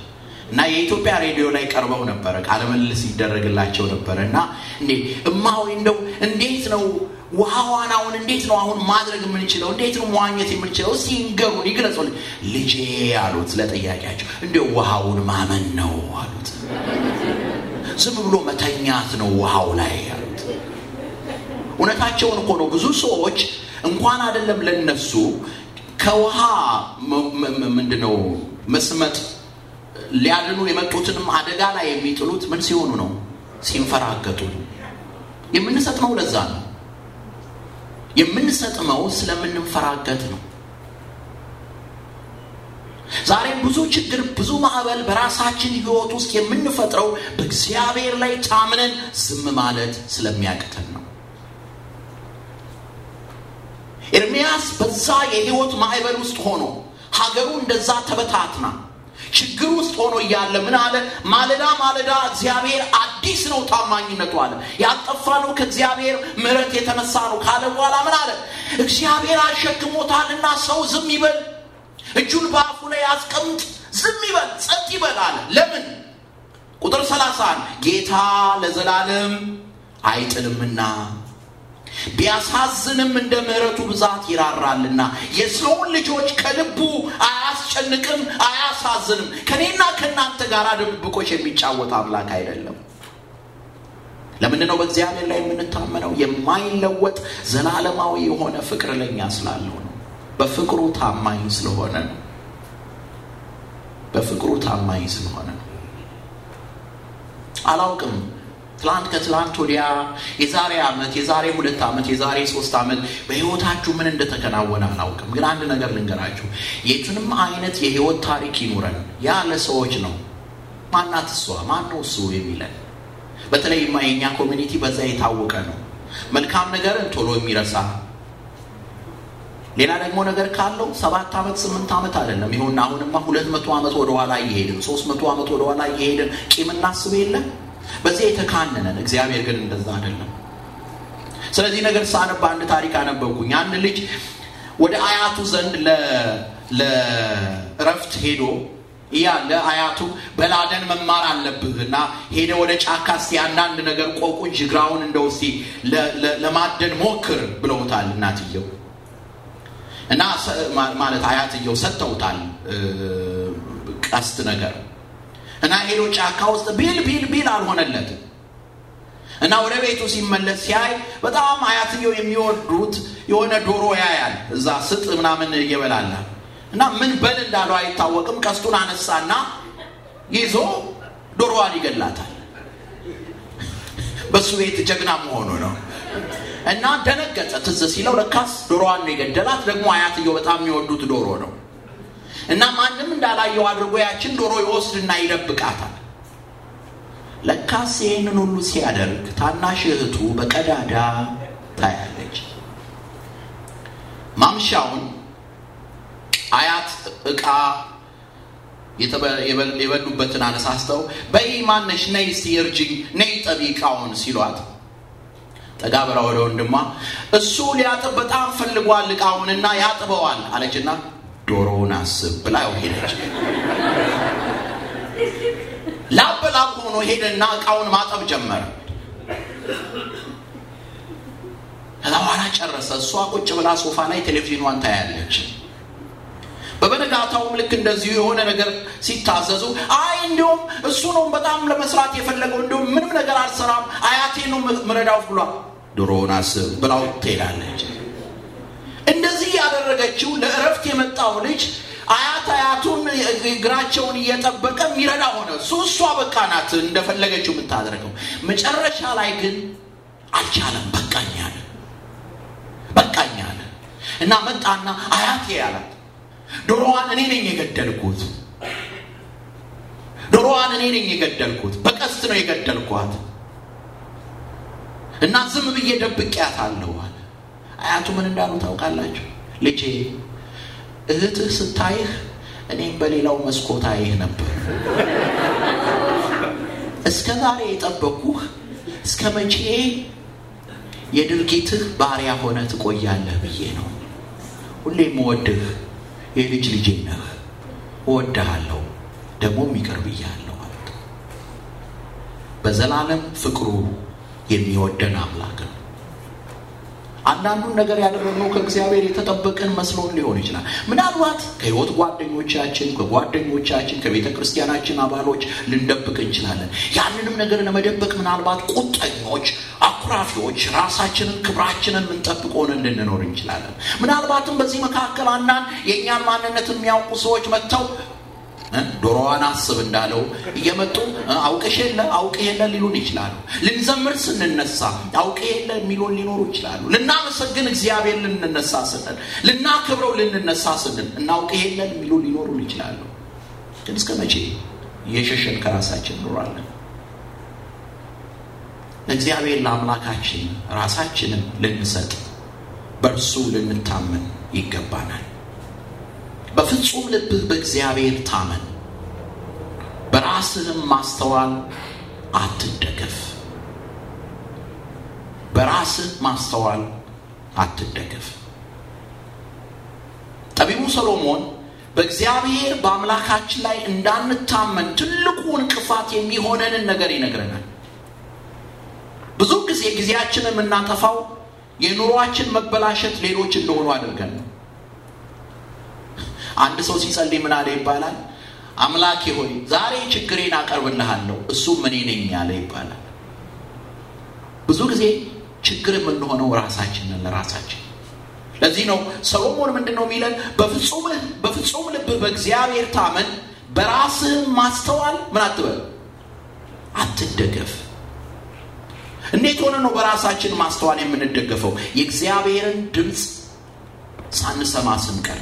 እና የኢትዮጵያ ሬዲዮ ላይ ቀርበው ነበረ፣ ቃለመልስ ይደረግላቸው ነበረ። እና እንዴ እማሆይ እንደው እንዴት ነው ውሃዋን አሁን እንዴት ነው አሁን ማድረግ የምንችለው? እንዴት ነው መዋኘት የምንችለው? እስኪ ይንገሩን፣ ይግለጹልን ልጄ አሉት። ለጠያቂያቸው እንዲያው ውሃውን ማመን ነው አሉት። ዝም ብሎ መተኛት ነው ውሃው ላይ አሉት። እውነታቸውን እኮ ነው። ብዙ ሰዎች እንኳን አይደለም ለነሱ ከውሃ ምንድነው መስመጥ ሊያድኑ የመጡትንም አደጋ ላይ የሚጥሉት ምን ሲሆኑ ነው? ሲንፈራገጡ። የምንሰጥመው ለዛ ነው። የምንሰጥመው ስለምንንፈራገጥ ነው። ዛሬም ብዙ ችግር፣ ብዙ ማዕበል በራሳችን ህይወት ውስጥ የምንፈጥረው በእግዚአብሔር ላይ ታምነን ዝም ማለት ስለሚያቅተን ነው። ኤርሚያስ በዛ የህይወት ማዕበል ውስጥ ሆኖ ሀገሩ እንደዛ ተበታትና ችግር ውስጥ ሆኖ እያለ ምን አለ? ማለዳ ማለዳ እግዚአብሔር አዲስ ነው ታማኝነቱ አለ። ነው ከእግዚአብሔር ምረት የተነሳ ነው ካለ በኋላ ምን አለ? እግዚአብሔር አሸክሞታልና ሰው ዝም ይበል፣ እጁን በአፉ ላይ ያስቀምጥ፣ ዝም ይበል፣ ጸጥ ይበል አለ። ለምን? ቁጥር 30 ጌታ ለዘላለም አይጥልምና ቢያሳዝንም እንደ ምሕረቱ ብዛት ይራራልና የሰውን ልጆች ከልቡ አያስጨንቅም፣ አያሳዝንም። ከኔና ከእናንተ ጋር ድብብቆች የሚጫወት አምላክ አይደለም። ለምን ነው በእግዚአብሔር ላይ የምንታመነው? የማይለወጥ ዘላለማዊ የሆነ ፍቅር ለኛ ስላለው ነው። በፍቅሩ ታማኝ ስለሆነ ነው። በፍቅሩ ታማኝ ስለሆነ ነው። አላውቅም ትላንት ከትላንት ወዲያ የዛሬ ዓመት የዛሬ ሁለት ዓመት የዛሬ ሶስት ዓመት በህይወታችሁ ምን እንደተከናወነ አላውቅም ግን አንድ ነገር ልንገራችሁ፣ የቱንም አይነት የህይወት ታሪክ ይኑረን ያለ ሰዎች ነው ማናት እሷ ማን ነው እሱ የሚለን። በተለይ የኛ ኮሚኒቲ በዛ የታወቀ ነው። መልካም ነገርን ቶሎ የሚረሳ ሌላ ደግሞ ነገር ካለው ሰባት ዓመት ስምንት ዓመት አይደለም ይሁን አሁንማ ሁለት መቶ ዓመት ወደኋላ እየሄድን ሶስት መቶ ዓመት ወደኋላ እየሄድን ቂም እናስብ የለን በዚያ የተካነነን። እግዚአብሔር ግን እንደዛ አይደለም። ስለዚህ ነገር ሳነባ አንድ ታሪክ አነበብኩኝ። አንድ ልጅ ወደ አያቱ ዘንድ ለእረፍት ሄዶ እያለ አያቱ በላደን መማር አለብህ እና ሄደ ወደ ጫካ ስ አንዳንድ ነገር ቆቁን ጅግራውን እንደው ለማደን ሞክር ብለውታል እናትየው እና ማለት አያትየው ሰጥተውታል ቀስት ነገር እና ሄዶ ጫካ ውስጥ ቢል ቢል ቢል አልሆነለትም እና ወደ ቤቱ ሲመለስ ሲያይ በጣም አያትየው የሚወዱት የሆነ ዶሮ ያያል እዛ ስጥ ምናምን እየበላለ እና ምን በል እንዳለው አይታወቅም ቀስቱን አነሳና ይዞ ዶሮዋን ይገላታል በሱ ቤት ጀግና መሆኑ ነው እና ደነገጠ ትዝ ሲለው ለካስ ዶሮዋን ነው የገደላት ደግሞ አያትየው በጣም የሚወዱት ዶሮ ነው እና ማንም እንዳላየው አድርጎ ያችን ዶሮ ይወስድና ይደብቃታል። ለካስ ይህንን ሁሉ ሲያደርግ ታናሽ እህቱ በቀዳዳ ታያለች። ማምሻውን አያት እቃ የበሉበትን አነሳስተው በይ ማነሽ ነይ ሲርጅኝ ነይ ጠቢ እቃውን ሲሏት ጠጋ ወደ ወንድሟ እሱ ሊያጥብ በጣም ፈልጓል እቃውንና ያጥበዋል አለችና ዶሮውን አስብ ብላው ሄደች። ላብ ላብ ሆኖ ሄደና እቃውን ማጠብ ጀመረ። ከዛ በኋላ ጨረሰ። እሷ ቁጭ ብላ ሶፋ ላይ ቴሌቪዥኗን ታያለች። በበነጋታውም ልክ እንደዚሁ የሆነ ነገር ሲታዘዙ አይ እንዲሁም እሱ ነው በጣም ለመስራት የፈለገው እንዲሁም ምንም ነገር አልሰራም አያቴ ነው ምረዳው ብሏል። ዶሮውን አስብ ብላው ትሄዳለች። እንደዚህ ያደረገችው ለእረፍት የመጣው ልጅ አያት አያቱን እግራቸውን እየጠበቀ የሚረዳ ሆነ። እሱ እሷ በቃ ናት እንደፈለገችው የምታደርገው። መጨረሻ ላይ ግን አልቻለም። በቃኛል በቃኛል እና መጣና አያቴ ያላት ዶሮዋን እኔ ነኝ የገደልኩት ዶሮዋን እኔ ነኝ የገደልኩት፣ በቀስት ነው የገደልኳት እና ዝም ብዬ ደብቄያታለሁ አያቱ ምን እንዳሉ ታውቃላችሁ? ልጄ እህትህ ስታይህ እኔም በሌላው መስኮት አይህ ነበር። እስከ ዛሬ የጠበቅኩህ እስከ መቼ የድርጊትህ ባሪያ ሆነ ትቆያለህ ብዬ ነው። ሁሌ መወድህ የልጅ ልጄ ነህ፣ እወድሃለሁ፣ ደግሞም ይቅር ብያለሁ በዘላለም ፍቅሩ የሚወደን አምላክ ነው። አንዳንዱን ነገር ያደረግነው ከእግዚአብሔር የተጠበቀን መስሎን ሊሆን ይችላል። ምናልባት ከህይወት ጓደኞቻችን፣ ከጓደኞቻችን፣ ከቤተ ክርስቲያናችን አባሎች ልንደብቅ እንችላለን። ያንንም ነገር ለመደበቅ ምናልባት ቁጠኞች፣ አኩራፊዎች፣ ራሳችንን ክብራችንን ምንጠብቅ ሆነን ልንኖር እንችላለን። ምናልባትም በዚህ መካከል አንዳንድ የእኛን ማንነት የሚያውቁ ሰዎች መጥተው ዶሮዋን አስብ እንዳለው እየመጡ አውቅሽ የለ አውቅ የለ ሊሉን ይችላሉ። ልንዘምር ስንነሳ አውቅ የለ የሚሉን ሊኖሩ ይችላሉ። ልናመሰግን እግዚአብሔር ልንነሳ ስንል፣ ልናክብረው ልንነሳ ስንል እናውቅ የለ የሚሉን ሊኖሩ ይችላሉ። ግን እስከ መቼ እየሸሸን ከራሳችን ኖራለን? እግዚአብሔር ለአምላካችን ራሳችንን ልንሰጥ በእርሱ ልንታመን ይገባናል። በፍጹም ልብህ በእግዚአብሔር ታመን፣ በራስህም ማስተዋል አትደገፍ። በራስህ ማስተዋል አትደገፍ። ጠቢቡ ሰሎሞን በእግዚአብሔር በአምላካችን ላይ እንዳንታመን ትልቁ እንቅፋት የሚሆነንን ነገር ይነግረናል። ብዙ ጊዜ ጊዜያችንን የምናጠፋው የኑሯችን መበላሸት ሌሎች እንደሆኑ አድርገን ነው። አንድ ሰው ሲጸልይ ምን አለ ይባላል? አምላኬ ሆይ ዛሬ ችግሬን አቀርብልሃለሁ እሱ እኔ ነኝ ያለ ይባላል። ብዙ ጊዜ ችግር የምንሆነው ራሳችንን ለራሳችን ለዚህ ነው ሰሎሞን ምንድን ነው የሚለን? በፍጹም ልብ በእግዚአብሔር ታመን፣ በራስህ ማስተዋል ምን አትበል፣ አትደገፍ። እንዴት ሆነ ነው በራሳችን ማስተዋል የምንደገፈው? የእግዚአብሔርን ድምፅ ሳንሰማ ስንቀር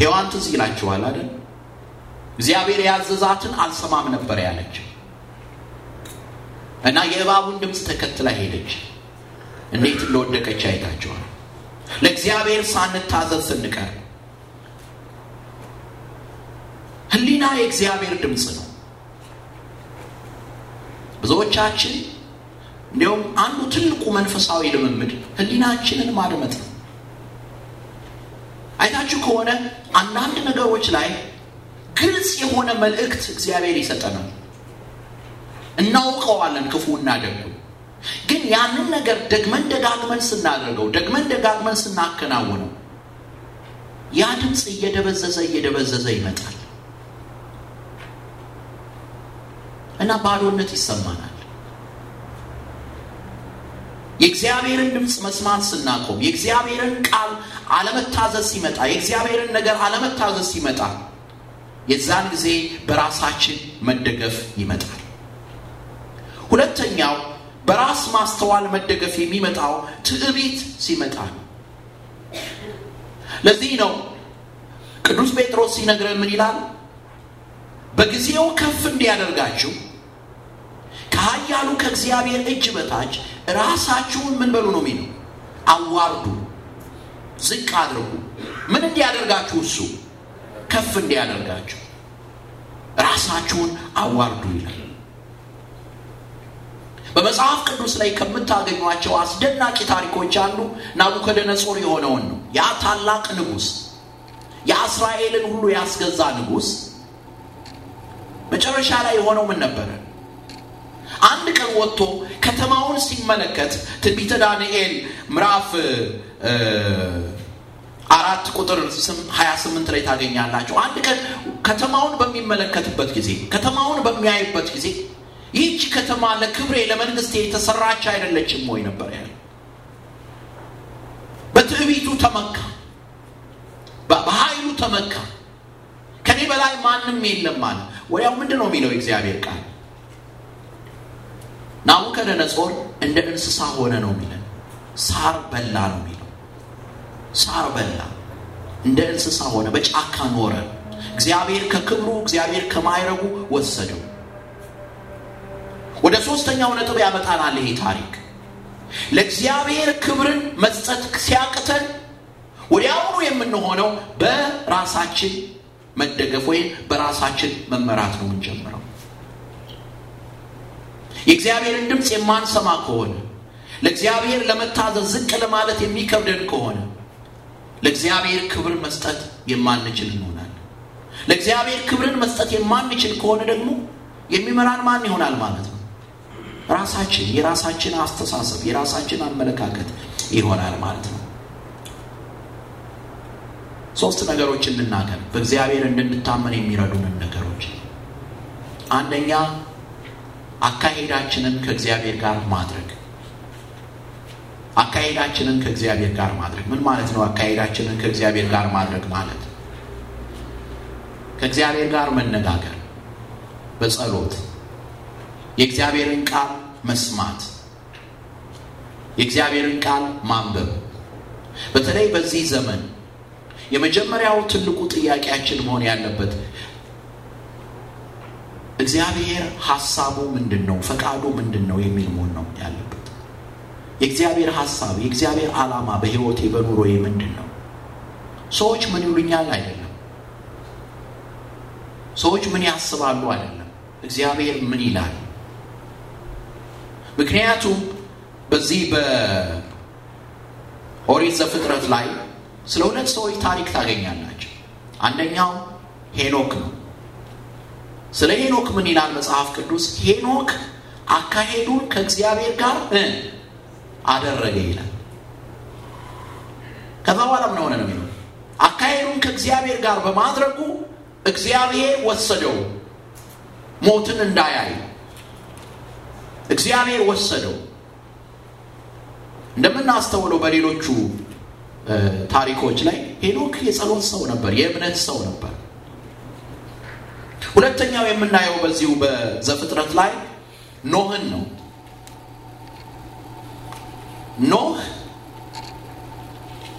ሔዋን ትዝ ይላችኋል አይደል? እግዚአብሔር ያዘዛትን አልሰማም ነበር ያለችው እና የእባቡን ድምፅ ተከትላ ሄደች። እንዴት እንደወደቀች አይታችኋል። ለእግዚአብሔር ሳንታዘዝ ስንቀር ህሊና የእግዚአብሔር ድምፅ ነው። ብዙዎቻችን እንዲሁም አንዱ ትልቁ መንፈሳዊ ልምምድ ህሊናችንን ማድመጥ ነው። አይታችሁ ከሆነ አንዳንድ ነገሮች ላይ ግልጽ የሆነ መልእክት እግዚአብሔር ይሰጠናል። እናውቀዋለን ክፉ ደጉ። ግን ያንን ነገር ደግመን ደጋግመን ስናደርገው፣ ደግመን ደጋግመን ስናከናውነው ያ ድምፅ እየደበዘዘ እየደበዘዘ ይመጣል እና ባዶነት ይሰማናል። የእግዚአብሔርን ድምፅ መስማት ስናቆም፣ የእግዚአብሔርን ቃል አለመታዘዝ ሲመጣ፣ የእግዚአብሔርን ነገር አለመታዘዝ ሲመጣ የዛን ጊዜ በራሳችን መደገፍ ይመጣል። ሁለተኛው በራስ ማስተዋል መደገፍ የሚመጣው ትዕቢት ሲመጣ ነው። ለዚህ ነው ቅዱስ ጴጥሮስ ሲነግረን ምን ይላል? በጊዜው ከፍ እንዲያደርጋችሁ ከሀያሉ ከእግዚአብሔር እጅ በታች ራሳችሁን ምን በሉ ነው የሚለው አዋርዱ፣ ዝቅ አድርጉ። ምን እንዲያደርጋችሁ? እሱ ከፍ እንዲያደርጋችሁ ራሳችሁን አዋርዱ ይላል። በመጽሐፍ ቅዱስ ላይ ከምታገኟቸው አስደናቂ ታሪኮች አንዱ ናቡከደነጾር የሆነውን ነው። ያ ታላቅ ንጉሥ፣ የእስራኤልን ሁሉ ያስገዛ ንጉሥ መጨረሻ ላይ የሆነው ምን ነበረ? አንድ ቀን ወጥቶ ከተማውን ሲመለከት ትንቢተ ዳንኤል ምዕራፍ አራት ቁጥር ሀያ ስምንት ላይ ታገኛላችሁ። አንድ ቀን ከተማውን በሚመለከትበት ጊዜ ከተማውን በሚያይበት ጊዜ ይህች ከተማ ለክብሬ ለመንግስቴ የተሰራች አይደለችም ወይ ነበር ያለ። በትዕቢቱ ተመካ፣ በኃይሉ ተመካ። ከኔ በላይ ማንም የለም አለ። ወዲያው ምንድን ነው የሚለው እግዚአብሔር ቃል ናቡከደነጾር እንደ እንስሳ ሆነ ነው የሚለን። ሳር በላ ነው የሚለው። ሳር በላ፣ እንደ እንስሳ ሆነ፣ በጫካ ኖረ። እግዚአብሔር ከክብሩ እግዚአብሔር ከማይረጉ ወሰደው። ወደ ሶስተኛው ነጥብ ያመጣናል ይሄ ታሪክ። ለእግዚአብሔር ክብርን መስጠት ሲያቅተን ወዲያውኑ የምንሆነው በራሳችን መደገፍ ወይም በራሳችን መመራት ነው የምንጀምረው። የእግዚአብሔርን ድምፅ የማንሰማ ከሆነ ለእግዚአብሔር ለመታዘዝ ዝቅ ለማለት የሚከብደን ከሆነ ለእግዚአብሔር ክብር መስጠት የማንችል እንሆናለን። ለእግዚአብሔር ክብርን መስጠት የማንችል ከሆነ ደግሞ የሚመራን ማን ይሆናል ማለት ነው? ራሳችን፣ የራሳችን አስተሳሰብ፣ የራሳችን አመለካከት ይሆናል ማለት ነው። ሶስት ነገሮች እንናገር፣ በእግዚአብሔር እንድንታመን የሚረዱንን ነገሮች አንደኛ አካሄዳችንን ከእግዚአብሔር ጋር ማድረግ አካሄዳችንን ከእግዚአብሔር ጋር ማድረግ ምን ማለት ነው? አካሄዳችንን ከእግዚአብሔር ጋር ማድረግ ማለት ከእግዚአብሔር ጋር መነጋገር፣ በጸሎት የእግዚአብሔርን ቃል መስማት፣ የእግዚአብሔርን ቃል ማንበብ። በተለይ በዚህ ዘመን የመጀመሪያው ትልቁ ጥያቄያችን መሆን ያለበት እግዚአብሔር ሀሳቡ ምንድን ነው፣ ፈቃዱ ምንድን ነው የሚል መሆን ነው ያለበት። የእግዚአብሔር ሀሳብ የእግዚአብሔር ዓላማ በህይወቴ በኑሮዬ ምንድን ነው? ሰዎች ምን ይሉኛል አይደለም። ሰዎች ምን ያስባሉ አይደለም። እግዚአብሔር ምን ይላል? ምክንያቱም በዚህ በኦሪት ዘፍጥረት ላይ ስለ ሁለት ሰዎች ታሪክ ታገኛላቸው። አንደኛው ሄኖክ ነው። ስለ ሄኖክ ምን ይላል መጽሐፍ ቅዱስ? ሄኖክ አካሄዱን ከእግዚአብሔር ጋር አደረገ ይላል። ከዛ በኋላ ምን ሆነ ነው የሚለው አካሄዱን ከእግዚአብሔር ጋር በማድረጉ እግዚአብሔር ወሰደው፣ ሞትን እንዳያይ እግዚአብሔር ወሰደው። እንደምናስተውለው በሌሎቹ ታሪኮች ላይ ሄኖክ የጸሎት ሰው ነበር፣ የእምነት ሰው ነበር። ሁለተኛው የምናየው በዚሁ በዘፍጥረት ላይ ኖህን ነው። ኖህ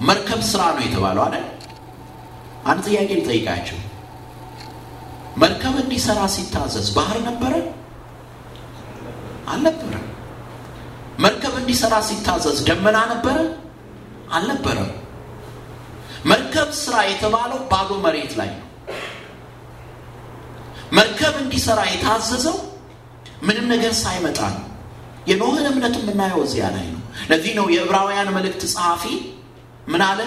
መርከብ ስራ ነው የተባለው አይደል? አንድ ጥያቄ ልጠይቃቸው። መርከብ እንዲሰራ ሲታዘዝ ባህር ነበረ አልነበረም? መርከብ እንዲሰራ ሲታዘዝ ደመና ነበረ አልነበረም? መርከብ ስራ የተባለው ባዶ መሬት ላይ ነው። መርከብ እንዲሰራ የታዘዘው ምንም ነገር ሳይመጣ ነው። የኖህን እምነት የምናየው እዚያ ላይ ነው። ለዚህ ነው የዕብራውያን መልእክት ጸሐፊ ምን አለ?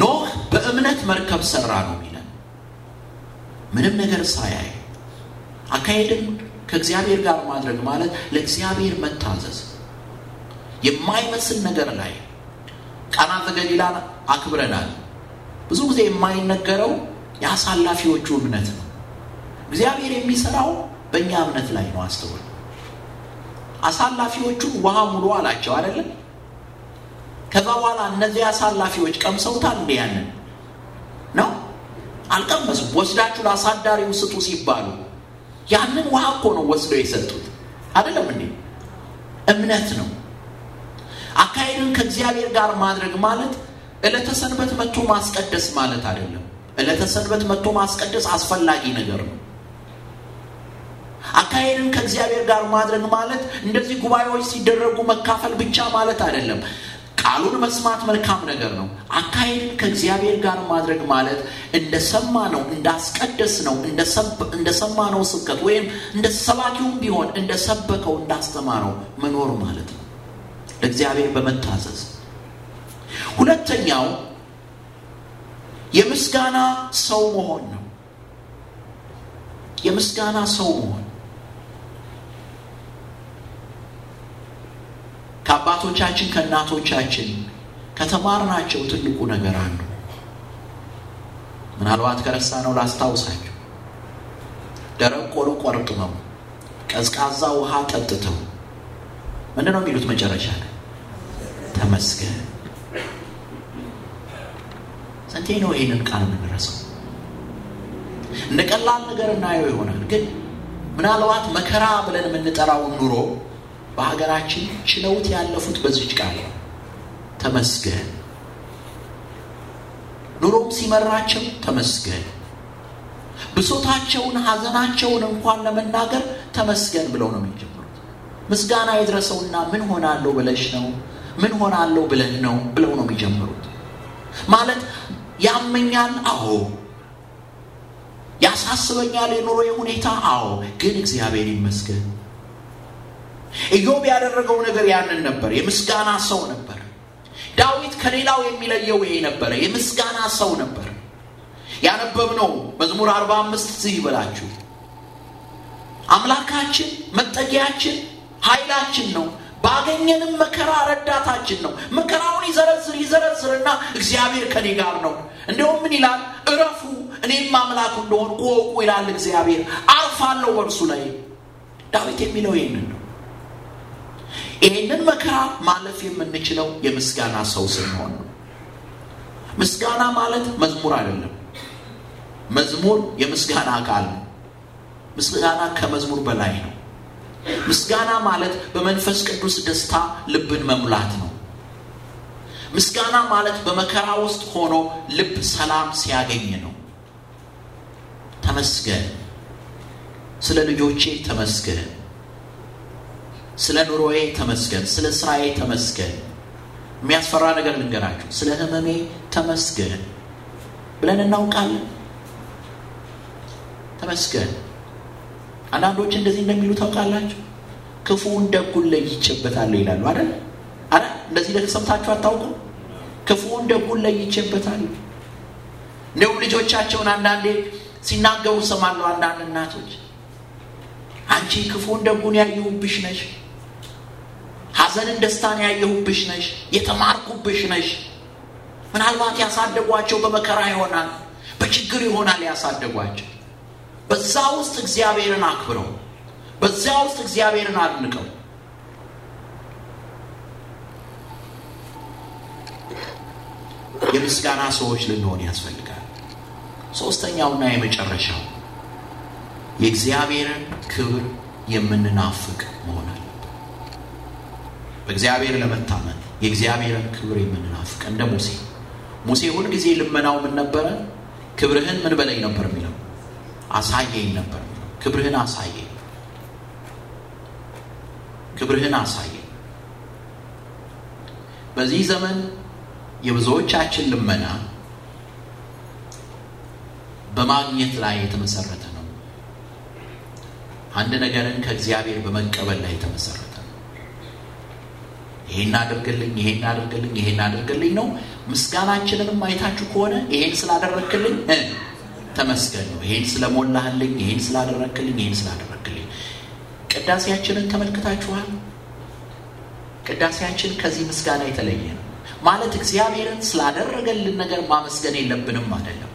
ኖህ በእምነት መርከብ ሰራ ነው ይላል። ምንም ነገር ሳያይ አካሄድም ከእግዚአብሔር ጋር ማድረግ ማለት ለእግዚአብሔር መታዘዝ የማይመስል ነገር ላይ ቀና ዘገሊላን አክብረናል። ብዙ ጊዜ የማይነገረው የአሳላፊዎቹ እምነት ነው። እግዚአብሔር የሚሰራው በእኛ እምነት ላይ ነው። አስተውል። አሳላፊዎቹ ውሃ ሙሉ አላቸው አይደለም? ከዛ በኋላ እነዚህ አሳላፊዎች ቀምሰውታል። እንዲ ያንን ነው አልቀመሱ ወስዳችሁ ለአሳዳሪው ስጡ ሲባሉ ያንን ውሃ እኮ ነው ወስደው የሰጡት አይደለም እንዴ? እምነት ነው። አካሄድን ከእግዚአብሔር ጋር ማድረግ ማለት እለተሰንበት መቶ ማስቀደስ ማለት አይደለም። ዕለተ ሰንበት መጥቶ ማስቀደስ አስፈላጊ ነገር ነው። አካሄድን ከእግዚአብሔር ጋር ማድረግ ማለት እንደዚህ ጉባኤዎች ሲደረጉ መካፈል ብቻ ማለት አይደለም። ቃሉን መስማት መልካም ነገር ነው። አካሄድን ከእግዚአብሔር ጋር ማድረግ ማለት እንደሰማ ነው፣ እንዳስቀደስ ነው፣ እንደሰማ ነው ስብከት ወይም እንደ ሰባኪውም ቢሆን እንደሰበከው እንዳስተማረው መኖር ማለት ነው። ለእግዚአብሔር በመታዘዝ ሁለተኛው የምስጋና ሰው መሆን ነው። የምስጋና ሰው መሆን ከአባቶቻችን ከእናቶቻችን ከተማርናቸው ትልቁ ነገር አንዱ ምናልባት ከረሳ ነው ላስታውሳቸው። ደረቅ ቆሎ ቆርጥመው ቀዝቃዛ ውሃ ጠጥተው ምንድነው ነው የሚሉት መጨረሻ ላይ? ተመስገን እንዴ ነው ይህንን ቃል የምንረሳው? እንደ ቀላል ነገር እናየው ይሆናል፣ ግን ምናልባት መከራ ብለን የምንጠራውን ኑሮ በሀገራችን ችለውት ያለፉት በዚች ቃል ተመስገን፣ ኑሮም ሲመራቸው ተመስገን፣ ብሶታቸውን ሀዘናቸውን እንኳን ለመናገር ተመስገን ብለው ነው የሚጀምሩት። ምስጋና የድረሰውና ምን ሆናለሁ ብለሽ ነው ምን ሆናለሁ ብለን ነው ብለው ነው የሚጀምሩት ማለት ያመኛል? አዎ። ያሳስበኛል? የኑሮ ሁኔታ? አዎ። ግን እግዚአብሔር ይመስገን። ኢዮብ ያደረገው ነገር ያንን ነበር። የምስጋና ሰው ነበር። ዳዊት ከሌላው የሚለየው ይሄ ነበረ። የምስጋና ሰው ነበር። ያነበብነው መዝሙር አርባ አምስት እዚህ ይበላችሁ አምላካችን መጠጊያችን ኃይላችን ነው፣ ባገኘንም መከራ ረዳታችን ነው። መከራውን ይዘረዝር ይዘረዝርና እግዚአብሔር ከኔ ጋር ነው፣ እንደውም ምን ይላል? እረፉ እኔም አምላክ እንደሆን ቆቁ ይላል እግዚአብሔር። አርፋለሁ በእርሱ ላይ። ዳዊት የሚለው ይህንን ነው። ይህንን መከራ ማለፍ የምንችለው የምስጋና ሰው ስንሆን ነው። ምስጋና ማለት መዝሙር አይደለም። መዝሙር የምስጋና አካል ነው። ምስጋና ከመዝሙር በላይ ነው። ምስጋና ማለት በመንፈስ ቅዱስ ደስታ ልብን መሙላት ነው። ምስጋና ማለት በመከራ ውስጥ ሆኖ ልብ ሰላም ሲያገኝ ነው። ተመስገን፣ ስለ ልጆቼ ተመስገን፣ ስለ ኑሮዬ ተመስገን፣ ስለ ስራዬ ተመስገን። የሚያስፈራ ነገር ልንገራችሁ፣ ስለ ህመሜ ተመስገን ብለን እናውቃለን። ተመስገን። አንዳንዶች እንደዚህ እንደሚሉ ታውቃላችሁ፣ ክፉ ደጉን ለይቼበታለሁ ይላሉ። አይደል አደ እንደዚህ ለተሰብታችሁ አታውቁም? ክፉን ደጉን ለይቼበታል። እንዲሁም ልጆቻቸውን አንዳንዴ ሲናገሩ ሰማለሁ። አንዳንድ እናቶች አንቺ ክፉን ደጉን ያየሁብሽ ነሽ፣ ሀዘንን ደስታን ያየሁብሽ ነሽ፣ የተማርኩብሽ ነሽ። ምናልባት ያሳደጓቸው በመከራ ይሆናል፣ በችግር ይሆናል ያሳደጓቸው። በዛ ውስጥ እግዚአብሔርን አክብረው፣ በዛ ውስጥ እግዚአብሔርን አድንቀው የምስጋና ሰዎች ልንሆን ያስፈልጋል። ሶስተኛውና የመጨረሻው የእግዚአብሔርን ክብር የምንናፍቅ መሆናል በእግዚአብሔር ለመታመን የእግዚአብሔርን ክብር የምንናፍቅ እንደ ሙሴ ሙሴ ሁን ጊዜ ልመናው ምን ነበረ? ክብርህን ምን በላይ ነበር የሚለው አሳየኝ ነበር የሚለው ክብርህን አሳየኝ፣ ክብርህን አሳየኝ። በዚህ ዘመን የብዙዎቻችን ልመና በማግኘት ላይ የተመሰረተ ነው። አንድ ነገርን ከእግዚአብሔር በመቀበል ላይ የተመሰረተ ነው። ይሄን አድርግልኝ፣ ይሄን አድርግልኝ፣ ይሄን አድርግልኝ ነው። ምስጋናችንንም አይታችሁ ከሆነ ይሄን ስላደረክልኝ ተመስገን ነው። ይሄን ስለሞላህልኝ፣ ይሄን ስላደረክልኝ ይሄን ስላደረክልኝ። ቅዳሴያችንን ተመልክታችኋል። ቅዳሴያችን ከዚህ ምስጋና የተለየ ነው። ማለት እግዚአብሔርን ስላደረገልን ነገር ማመስገን የለብንም አይደለም።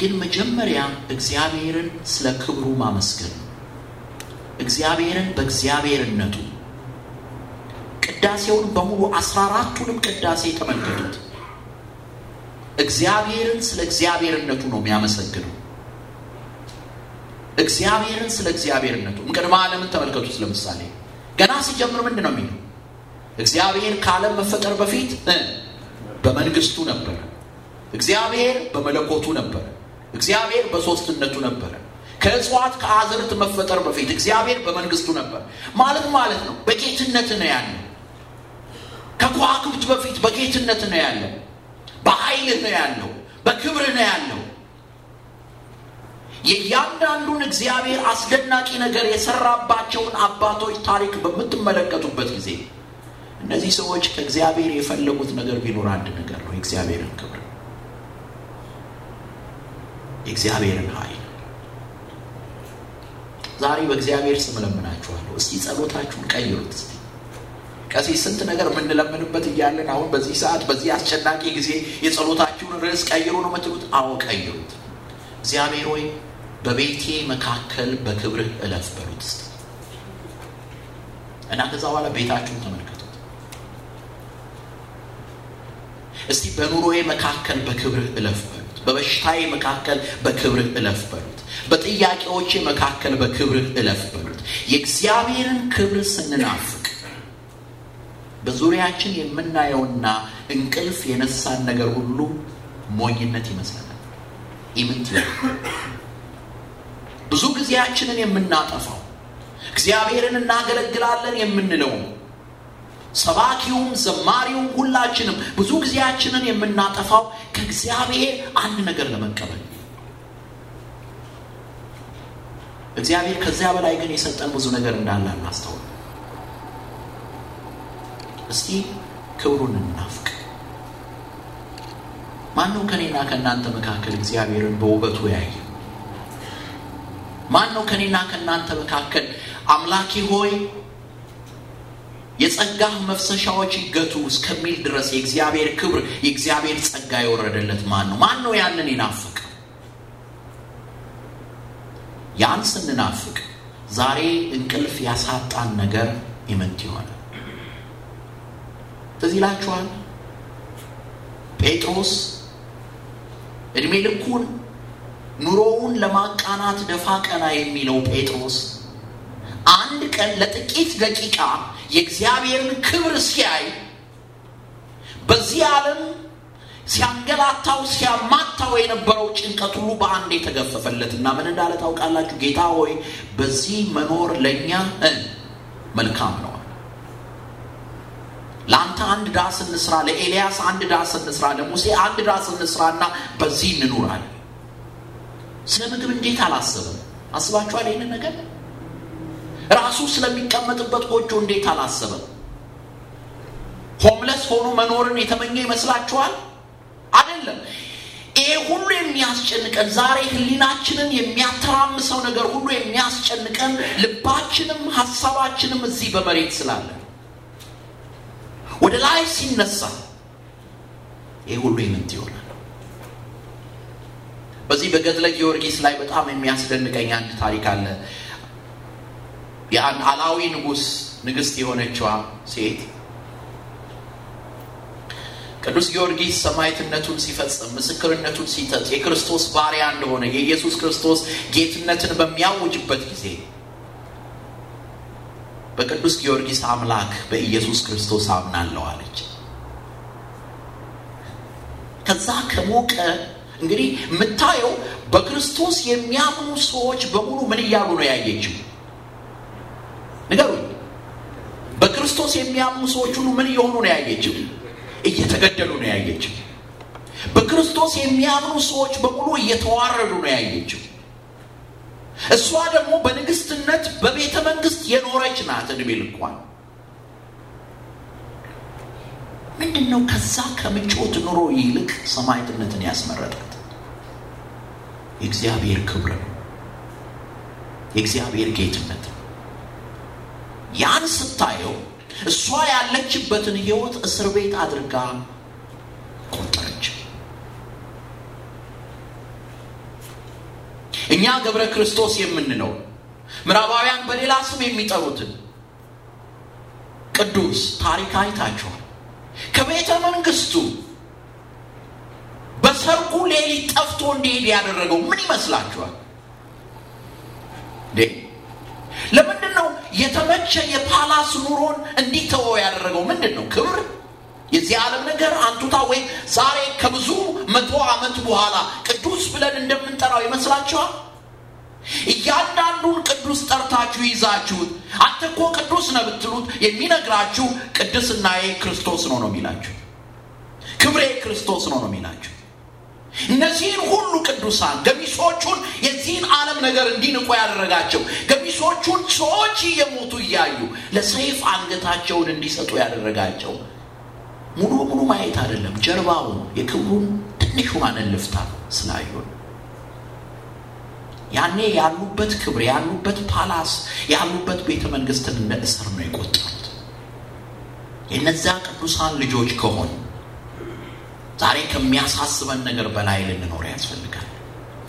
ግን መጀመሪያ እግዚአብሔርን ስለ ክብሩ ማመስገን እግዚአብሔርን በእግዚአብሔርነቱ ቅዳሴውን በሙሉ አስራ አራቱንም ቅዳሴ የተመልከቱት እግዚአብሔርን ስለ እግዚአብሔርነቱ ነው የሚያመሰግነው። እግዚአብሔርን ስለ እግዚአብሔርነቱ ምቅድመ ዓለምን ተመልከቱት። ለምሳሌ ገና ሲጀምር ምንድ ነው የሚለው? እግዚአብሔር ከዓለም መፈጠር በፊት በመንግስቱ ነበረ። እግዚአብሔር በመለኮቱ ነበረ። እግዚአብሔር በሶስትነቱ ነበረ። ከእጽዋት ከአዝርት መፈጠር በፊት እግዚአብሔር በመንግስቱ ነበር። ማለት ማለት ነው በጌትነት ነው ያለ። ከኳክብት በፊት በጌትነት ነው ያለው። በኃይል ነው ያለው። በክብር ነው ያለው። የእያንዳንዱን እግዚአብሔር አስደናቂ ነገር የሰራባቸውን አባቶች ታሪክ በምትመለከቱበት ጊዜ እነዚህ ሰዎች ከእግዚአብሔር የፈለጉት ነገር ቢኖር አንድ ነገር ነው፣ የእግዚአብሔርን ክብር፣ የእግዚአብሔርን ሀይል ዛሬ በእግዚአብሔር ስም ለምናችኋለሁ እስቲ ጸሎታችሁን ቀይሩት። እስቲ ስንት ነገር የምንለምንበት እያለን አሁን በዚህ ሰዓት በዚህ አስጨናቂ ጊዜ የጸሎታችሁን ርዕስ ቀይሩ ነው የምትሉት? አዎ ቀይሩት። እግዚአብሔር ወይ በቤቴ መካከል በክብርህ እለፍ በሉት እና ከዛ በኋላ ቤታችሁን ተመልከቱ። እስቲ በኑሮዬ መካከል በክብርህ እለፍ በበሽታዬ መካከል በክብርህ እለፍ በጥያቄዎቼ መካከል በክብርህ እለፍበሉት የእግዚአብሔርን ክብር ስንናፍቅ በዙሪያችን የምናየውና እንቅልፍ የነሳን ነገር ሁሉ ሞኝነት ይመስለናል። ይምንት ብዙ ጊዜያችንን የምናጠፋው እግዚአብሔርን እናገለግላለን የምንለውም ሰባኪውም ዘማሪውም ሁላችንም ብዙ ጊዜያችንን የምናጠፋው ከእግዚአብሔር አንድ ነገር ለመቀበል እግዚአብሔር ከዚያ በላይ ግን የሰጠን ብዙ ነገር እንዳለ እናስተውል። እስቲ ክብሩን እናፍቅ። ማነው ከኔና ከእናንተ መካከል እግዚአብሔርን በውበቱ ያየ? ማን ነው ከኔና ከእናንተ መካከል አምላኬ ሆይ የጸጋህ መፍሰሻዎች ይገቱ እስከሚል ድረስ የእግዚአብሔር ክብር የእግዚአብሔር ጸጋ የወረደለት ማን ነው? ማን ነው ያንን ይናፍቅ? ያን ስንናፍቅ ዛሬ እንቅልፍ ያሳጣን ነገር ይመንት ይሆነ ትዝ ጴጥሮስ እድሜ ልኩን ኑሮውን ለማቃናት ደፋ ቀና የሚለው ጴጥሮስ አንድ ቀን ለጥቂት ደቂቃ የእግዚአብሔርን ክብር ሲያይ በዚህ ዓለም ሲያንገላታው ሲያማታው የነበረው ጭንቀት ሁሉ በአንድ የተገፈፈለት እና ምን እንዳለ ታውቃላችሁ? ጌታ ሆይ በዚህ መኖር ለእኛ መልካም ነው። ለአንተ አንድ ዳስ እንስራ፣ ለኤልያስ አንድ ዳስ እንስራ፣ ለሙሴ አንድ ዳስ እንስራ እና በዚህ እንኑራለን። ስለ ምግብ እንዴት አላሰብም? አስባችኋል ይህንን ነገር? ራሱ ስለሚቀመጥበት ጎጆ እንዴት አላሰበም? ሆምለስ ሆኖ መኖርን የተመኘ ይመስላችኋል? አይደለም። ይሄ ሁሉ የሚያስጨንቀን ዛሬ ህሊናችንን የሚያተራምሰው ነገር ሁሉ የሚያስጨንቀን ልባችንም ሀሳባችንም እዚህ በመሬት ስላለ ወደ ላይ ሲነሳ ይህ ሁሉ ይምንት ይሆናል። በዚህ በገድለ ጊዮርጊስ ላይ በጣም የሚያስደንቀኝ አንድ ታሪክ አለ። ያን አላዊ ንጉሥ ንግሥት የሆነችዋ ሴት ቅዱስ ጊዮርጊስ ሰማይትነቱን ሲፈጽም ምስክርነቱን ሲተት የክርስቶስ ባሪያ እንደሆነ የኢየሱስ ክርስቶስ ጌትነትን በሚያውጅበት ጊዜ በቅዱስ ጊዮርጊስ አምላክ በኢየሱስ ክርስቶስ አምናለሁ አለች። ከዛ ከሞቀ እንግዲህ የምታየው በክርስቶስ የሚያምኑ ሰዎች በሙሉ ምን እያሉ ነው ያየችው? ንገሩኝ። በክርስቶስ የሚያምኑ ሰዎች ሁሉ ምን እየሆኑ ነው ያየችው? እየተገደሉ ነው ያየችው። በክርስቶስ የሚያምኑ ሰዎች በሙሉ እየተዋረዱ ነው ያየችው። እሷ ደግሞ በንግስትነት በቤተ መንግስት የኖረች ናት እድሜ ልኳል ምንድን ነው ከዛ ከምቾት ኑሮ ይልቅ ሰማይትነትን ያስመረጣት? የእግዚአብሔር ክብር ነው። የእግዚአብሔር ጌትነት ነው። ያን ስታየው እሷ ያለችበትን ህይወት እስር ቤት አድርጋ ቆጠረች። እኛ ገብረ ክርስቶስ የምንለው ምዕራባውያን በሌላ ስም የሚጠሩትን ቅዱስ ታሪክ አይታችኋል። ከቤተ መንግስቱ በሰርጉ ሌሊት ጠፍቶ እንዲሄድ ያደረገው ምን ይመስላችኋል? ለምንድን ነው የተመቸ የፓላስ ኑሮን እንዲተወ ያደረገው? ምንድን ነው ክብር፣ የዚህ ዓለም ነገር አንቱታ፣ ወይም ዛሬ ከብዙ መቶ ዓመት በኋላ ቅዱስ ብለን እንደምንጠራው ይመስላችኋል? እያንዳንዱን ቅዱስ ጠርታችሁ ይዛችሁት አንተ እኮ ቅዱስ ነው ብትሉት የሚነግራችሁ ቅድስናዬ ክርስቶስ ነው ነው የሚላችሁ። ክብሬ ክርስቶስ ነው ነው የሚላችሁ። እነዚህን ሁሉ ቅዱሳን ገሚሶቹን የዚህን ዓለም ነገር እንዲንቆ ያደረጋቸው ገሚሶቹን ሰዎች እየሞቱ እያዩ ለሰይፍ አንገታቸውን እንዲሰጡ ያደረጋቸው ሙሉ በሙሉ ማየት አይደለም፣ ጀርባውን የክብሩን ትንሹን ልፍታ ስላዩን ያኔ ያሉበት ክብር ያሉበት ፓላስ ያሉበት ቤተ መንግስትን እንደ እስር ነው የቆጠሩት። የነዚያ ቅዱሳን ልጆች ከሆኑ ዛሬ ከሚያሳስበን ነገር በላይ ልንኖር ያስፈልጋል።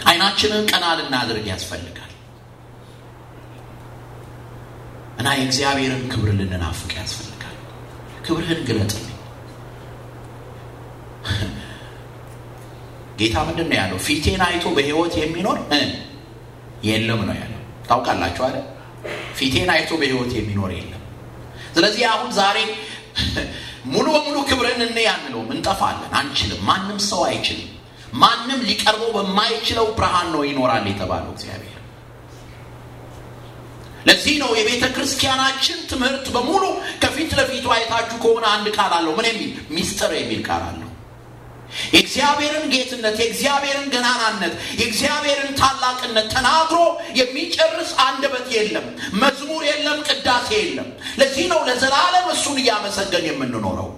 አይናችንን ቀና ልናድርግ ያስፈልጋል እና የእግዚአብሔርን ክብር ልንናፍቅ ያስፈልጋል። ክብርህን ግለጥልኝ ጌታ። ምንድን ነው ያለው? ፊቴን አይቶ በህይወት የሚኖር የለም ነው ያለው። ታውቃላችሁ አይደል? ፊቴን አይቶ በህይወት የሚኖር የለም። ስለዚህ አሁን ዛሬ ሙሉ በሙሉ ክብርን እንይ አንለውም፣ እንጠፋለን፣ አንችልም። ማንም ሰው አይችልም። ማንም ሊቀርበው በማይችለው ብርሃን ነው ይኖራል የተባለው እግዚአብሔር። ለዚህ ነው የቤተ ክርስቲያናችን ትምህርት በሙሉ ከፊት ለፊቱ አይታችሁ ከሆነ አንድ ቃል አለው። ምን የሚል ሚስጥር የሚል ቃል አለው። የእግዚአብሔርን ጌትነት፣ የእግዚአብሔርን ገናናነት፣ የእግዚአብሔርን ታላቅነት ተናግሮ የሚጨርስ አንደበት የለም፣ መዝሙር የለም፣ ቅዳሴ የለም። ለዚህ ነው ለዘላለም እሱን እያመሰገን የምንኖረው።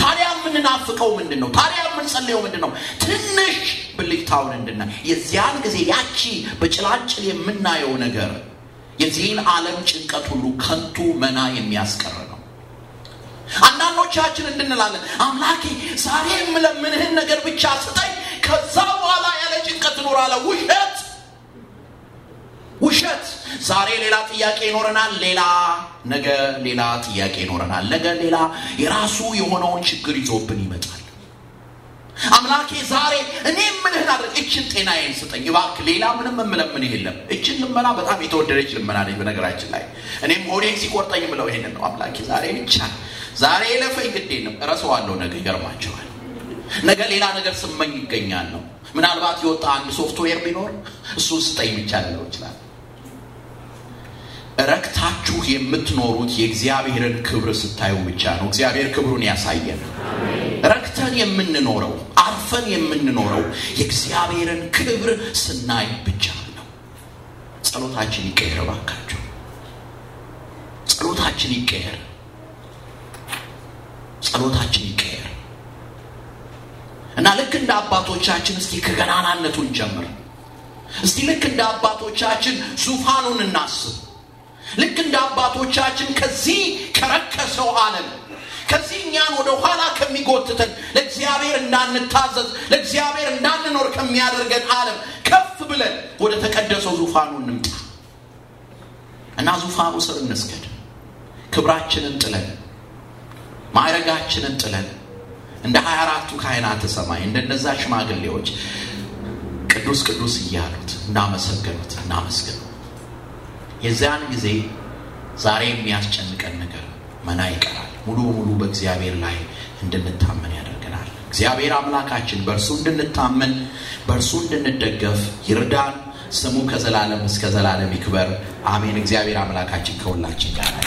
ታዲያ የምንናፍቀው ምንድን ነው? ታዲያ የምንጸልየው ምንድን ነው? ትንሽ ብልጭታውን እንድና የዚያን ጊዜ ያቺ በጭላጭል የምናየው ነገር የዚህን ዓለም ጭንቀት ሁሉ ከንቱ መና የሚያስቀር አንዳንዶቻችን እንድንላለን አምላኬ ዛሬ የምለምንህን ነገር ብቻ ስጠኝ ከዛ በኋላ ያለ ጭንቀት እኖራለሁ ውሸት ውሸት ዛሬ ሌላ ጥያቄ ይኖረናል ሌላ ነገ ሌላ ጥያቄ ይኖረናል ነገ ሌላ የራሱ የሆነውን ችግር ይዞብን ይመጣል አምላኬ ዛሬ እኔ ምንህን አድርግ እችን ጤናዬን ስጠኝ ባክ ሌላ ምንም የምለምን የለም እችን ልመና በጣም የተወደደች ልመና ነች በነገራችን ላይ እኔም ሆዴን ሲቆርጠኝ ብለው ይሄንን ነው አምላኬ ዛሬ ይቻል ዛሬ የለፈኝ ግዴ ነው እረሳዋለሁ፣ ነገ ይገርማቸዋል። ነገ ሌላ ነገር ስመኝ ይገኛል ነው። ምናልባት የወጣ አንድ ሶፍትዌር ቢኖር እሱ ስጠኝ ብቻ ልለው ይችላል። እረክታችሁ የምትኖሩት የእግዚአብሔርን ክብር ስታዩ ብቻ ነው። እግዚአብሔር ክብሩን ያሳየን። ረክተን የምንኖረው አርፈን የምንኖረው የእግዚአብሔርን ክብር ስናይ ብቻ ነው። ጸሎታችን ይቀየር፣ ባካቸው ጸሎታችን ይቀየር። ጸሎታችን ይቀየር እና ልክ እንደ አባቶቻችን እስቲ ከገናናነቱን ጀምር እስቲ ልክ እንደ አባቶቻችን ዙፋኑን እናስብ። ልክ እንደ አባቶቻችን ከዚህ ከረከሰው ዓለም ከዚህ እኛን ወደ ኋላ ከሚጎትተን ለእግዚአብሔር እንዳንታዘዝ ለእግዚአብሔር እንዳንኖር ከሚያደርገን ዓለም ከፍ ብለን ወደ ተቀደሰው ዙፋኑ እንምጣ እና ዙፋኑ ስር እንስገድ ክብራችንን ጥለን ማዕረጋችንን ጥለን እንደ ሀያ አራቱ ካህናተ ሰማይ እንደነዛ ሽማግሌዎች ቅዱስ ቅዱስ እያሉት እናመሰገኑት እናመስግኑ። የዚያን ጊዜ ዛሬ የሚያስጨንቀን ነገር መና ይቀራል። ሙሉ በሙሉ በእግዚአብሔር ላይ እንድንታመን ያደርገናል። እግዚአብሔር አምላካችን በእርሱ እንድንታመን በእርሱ እንድንደገፍ ይርዳን። ስሙ ከዘላለም እስከ ዘላለም ይክበር። አሜን። እግዚአብሔር አምላካችን ከሁላችን ጋር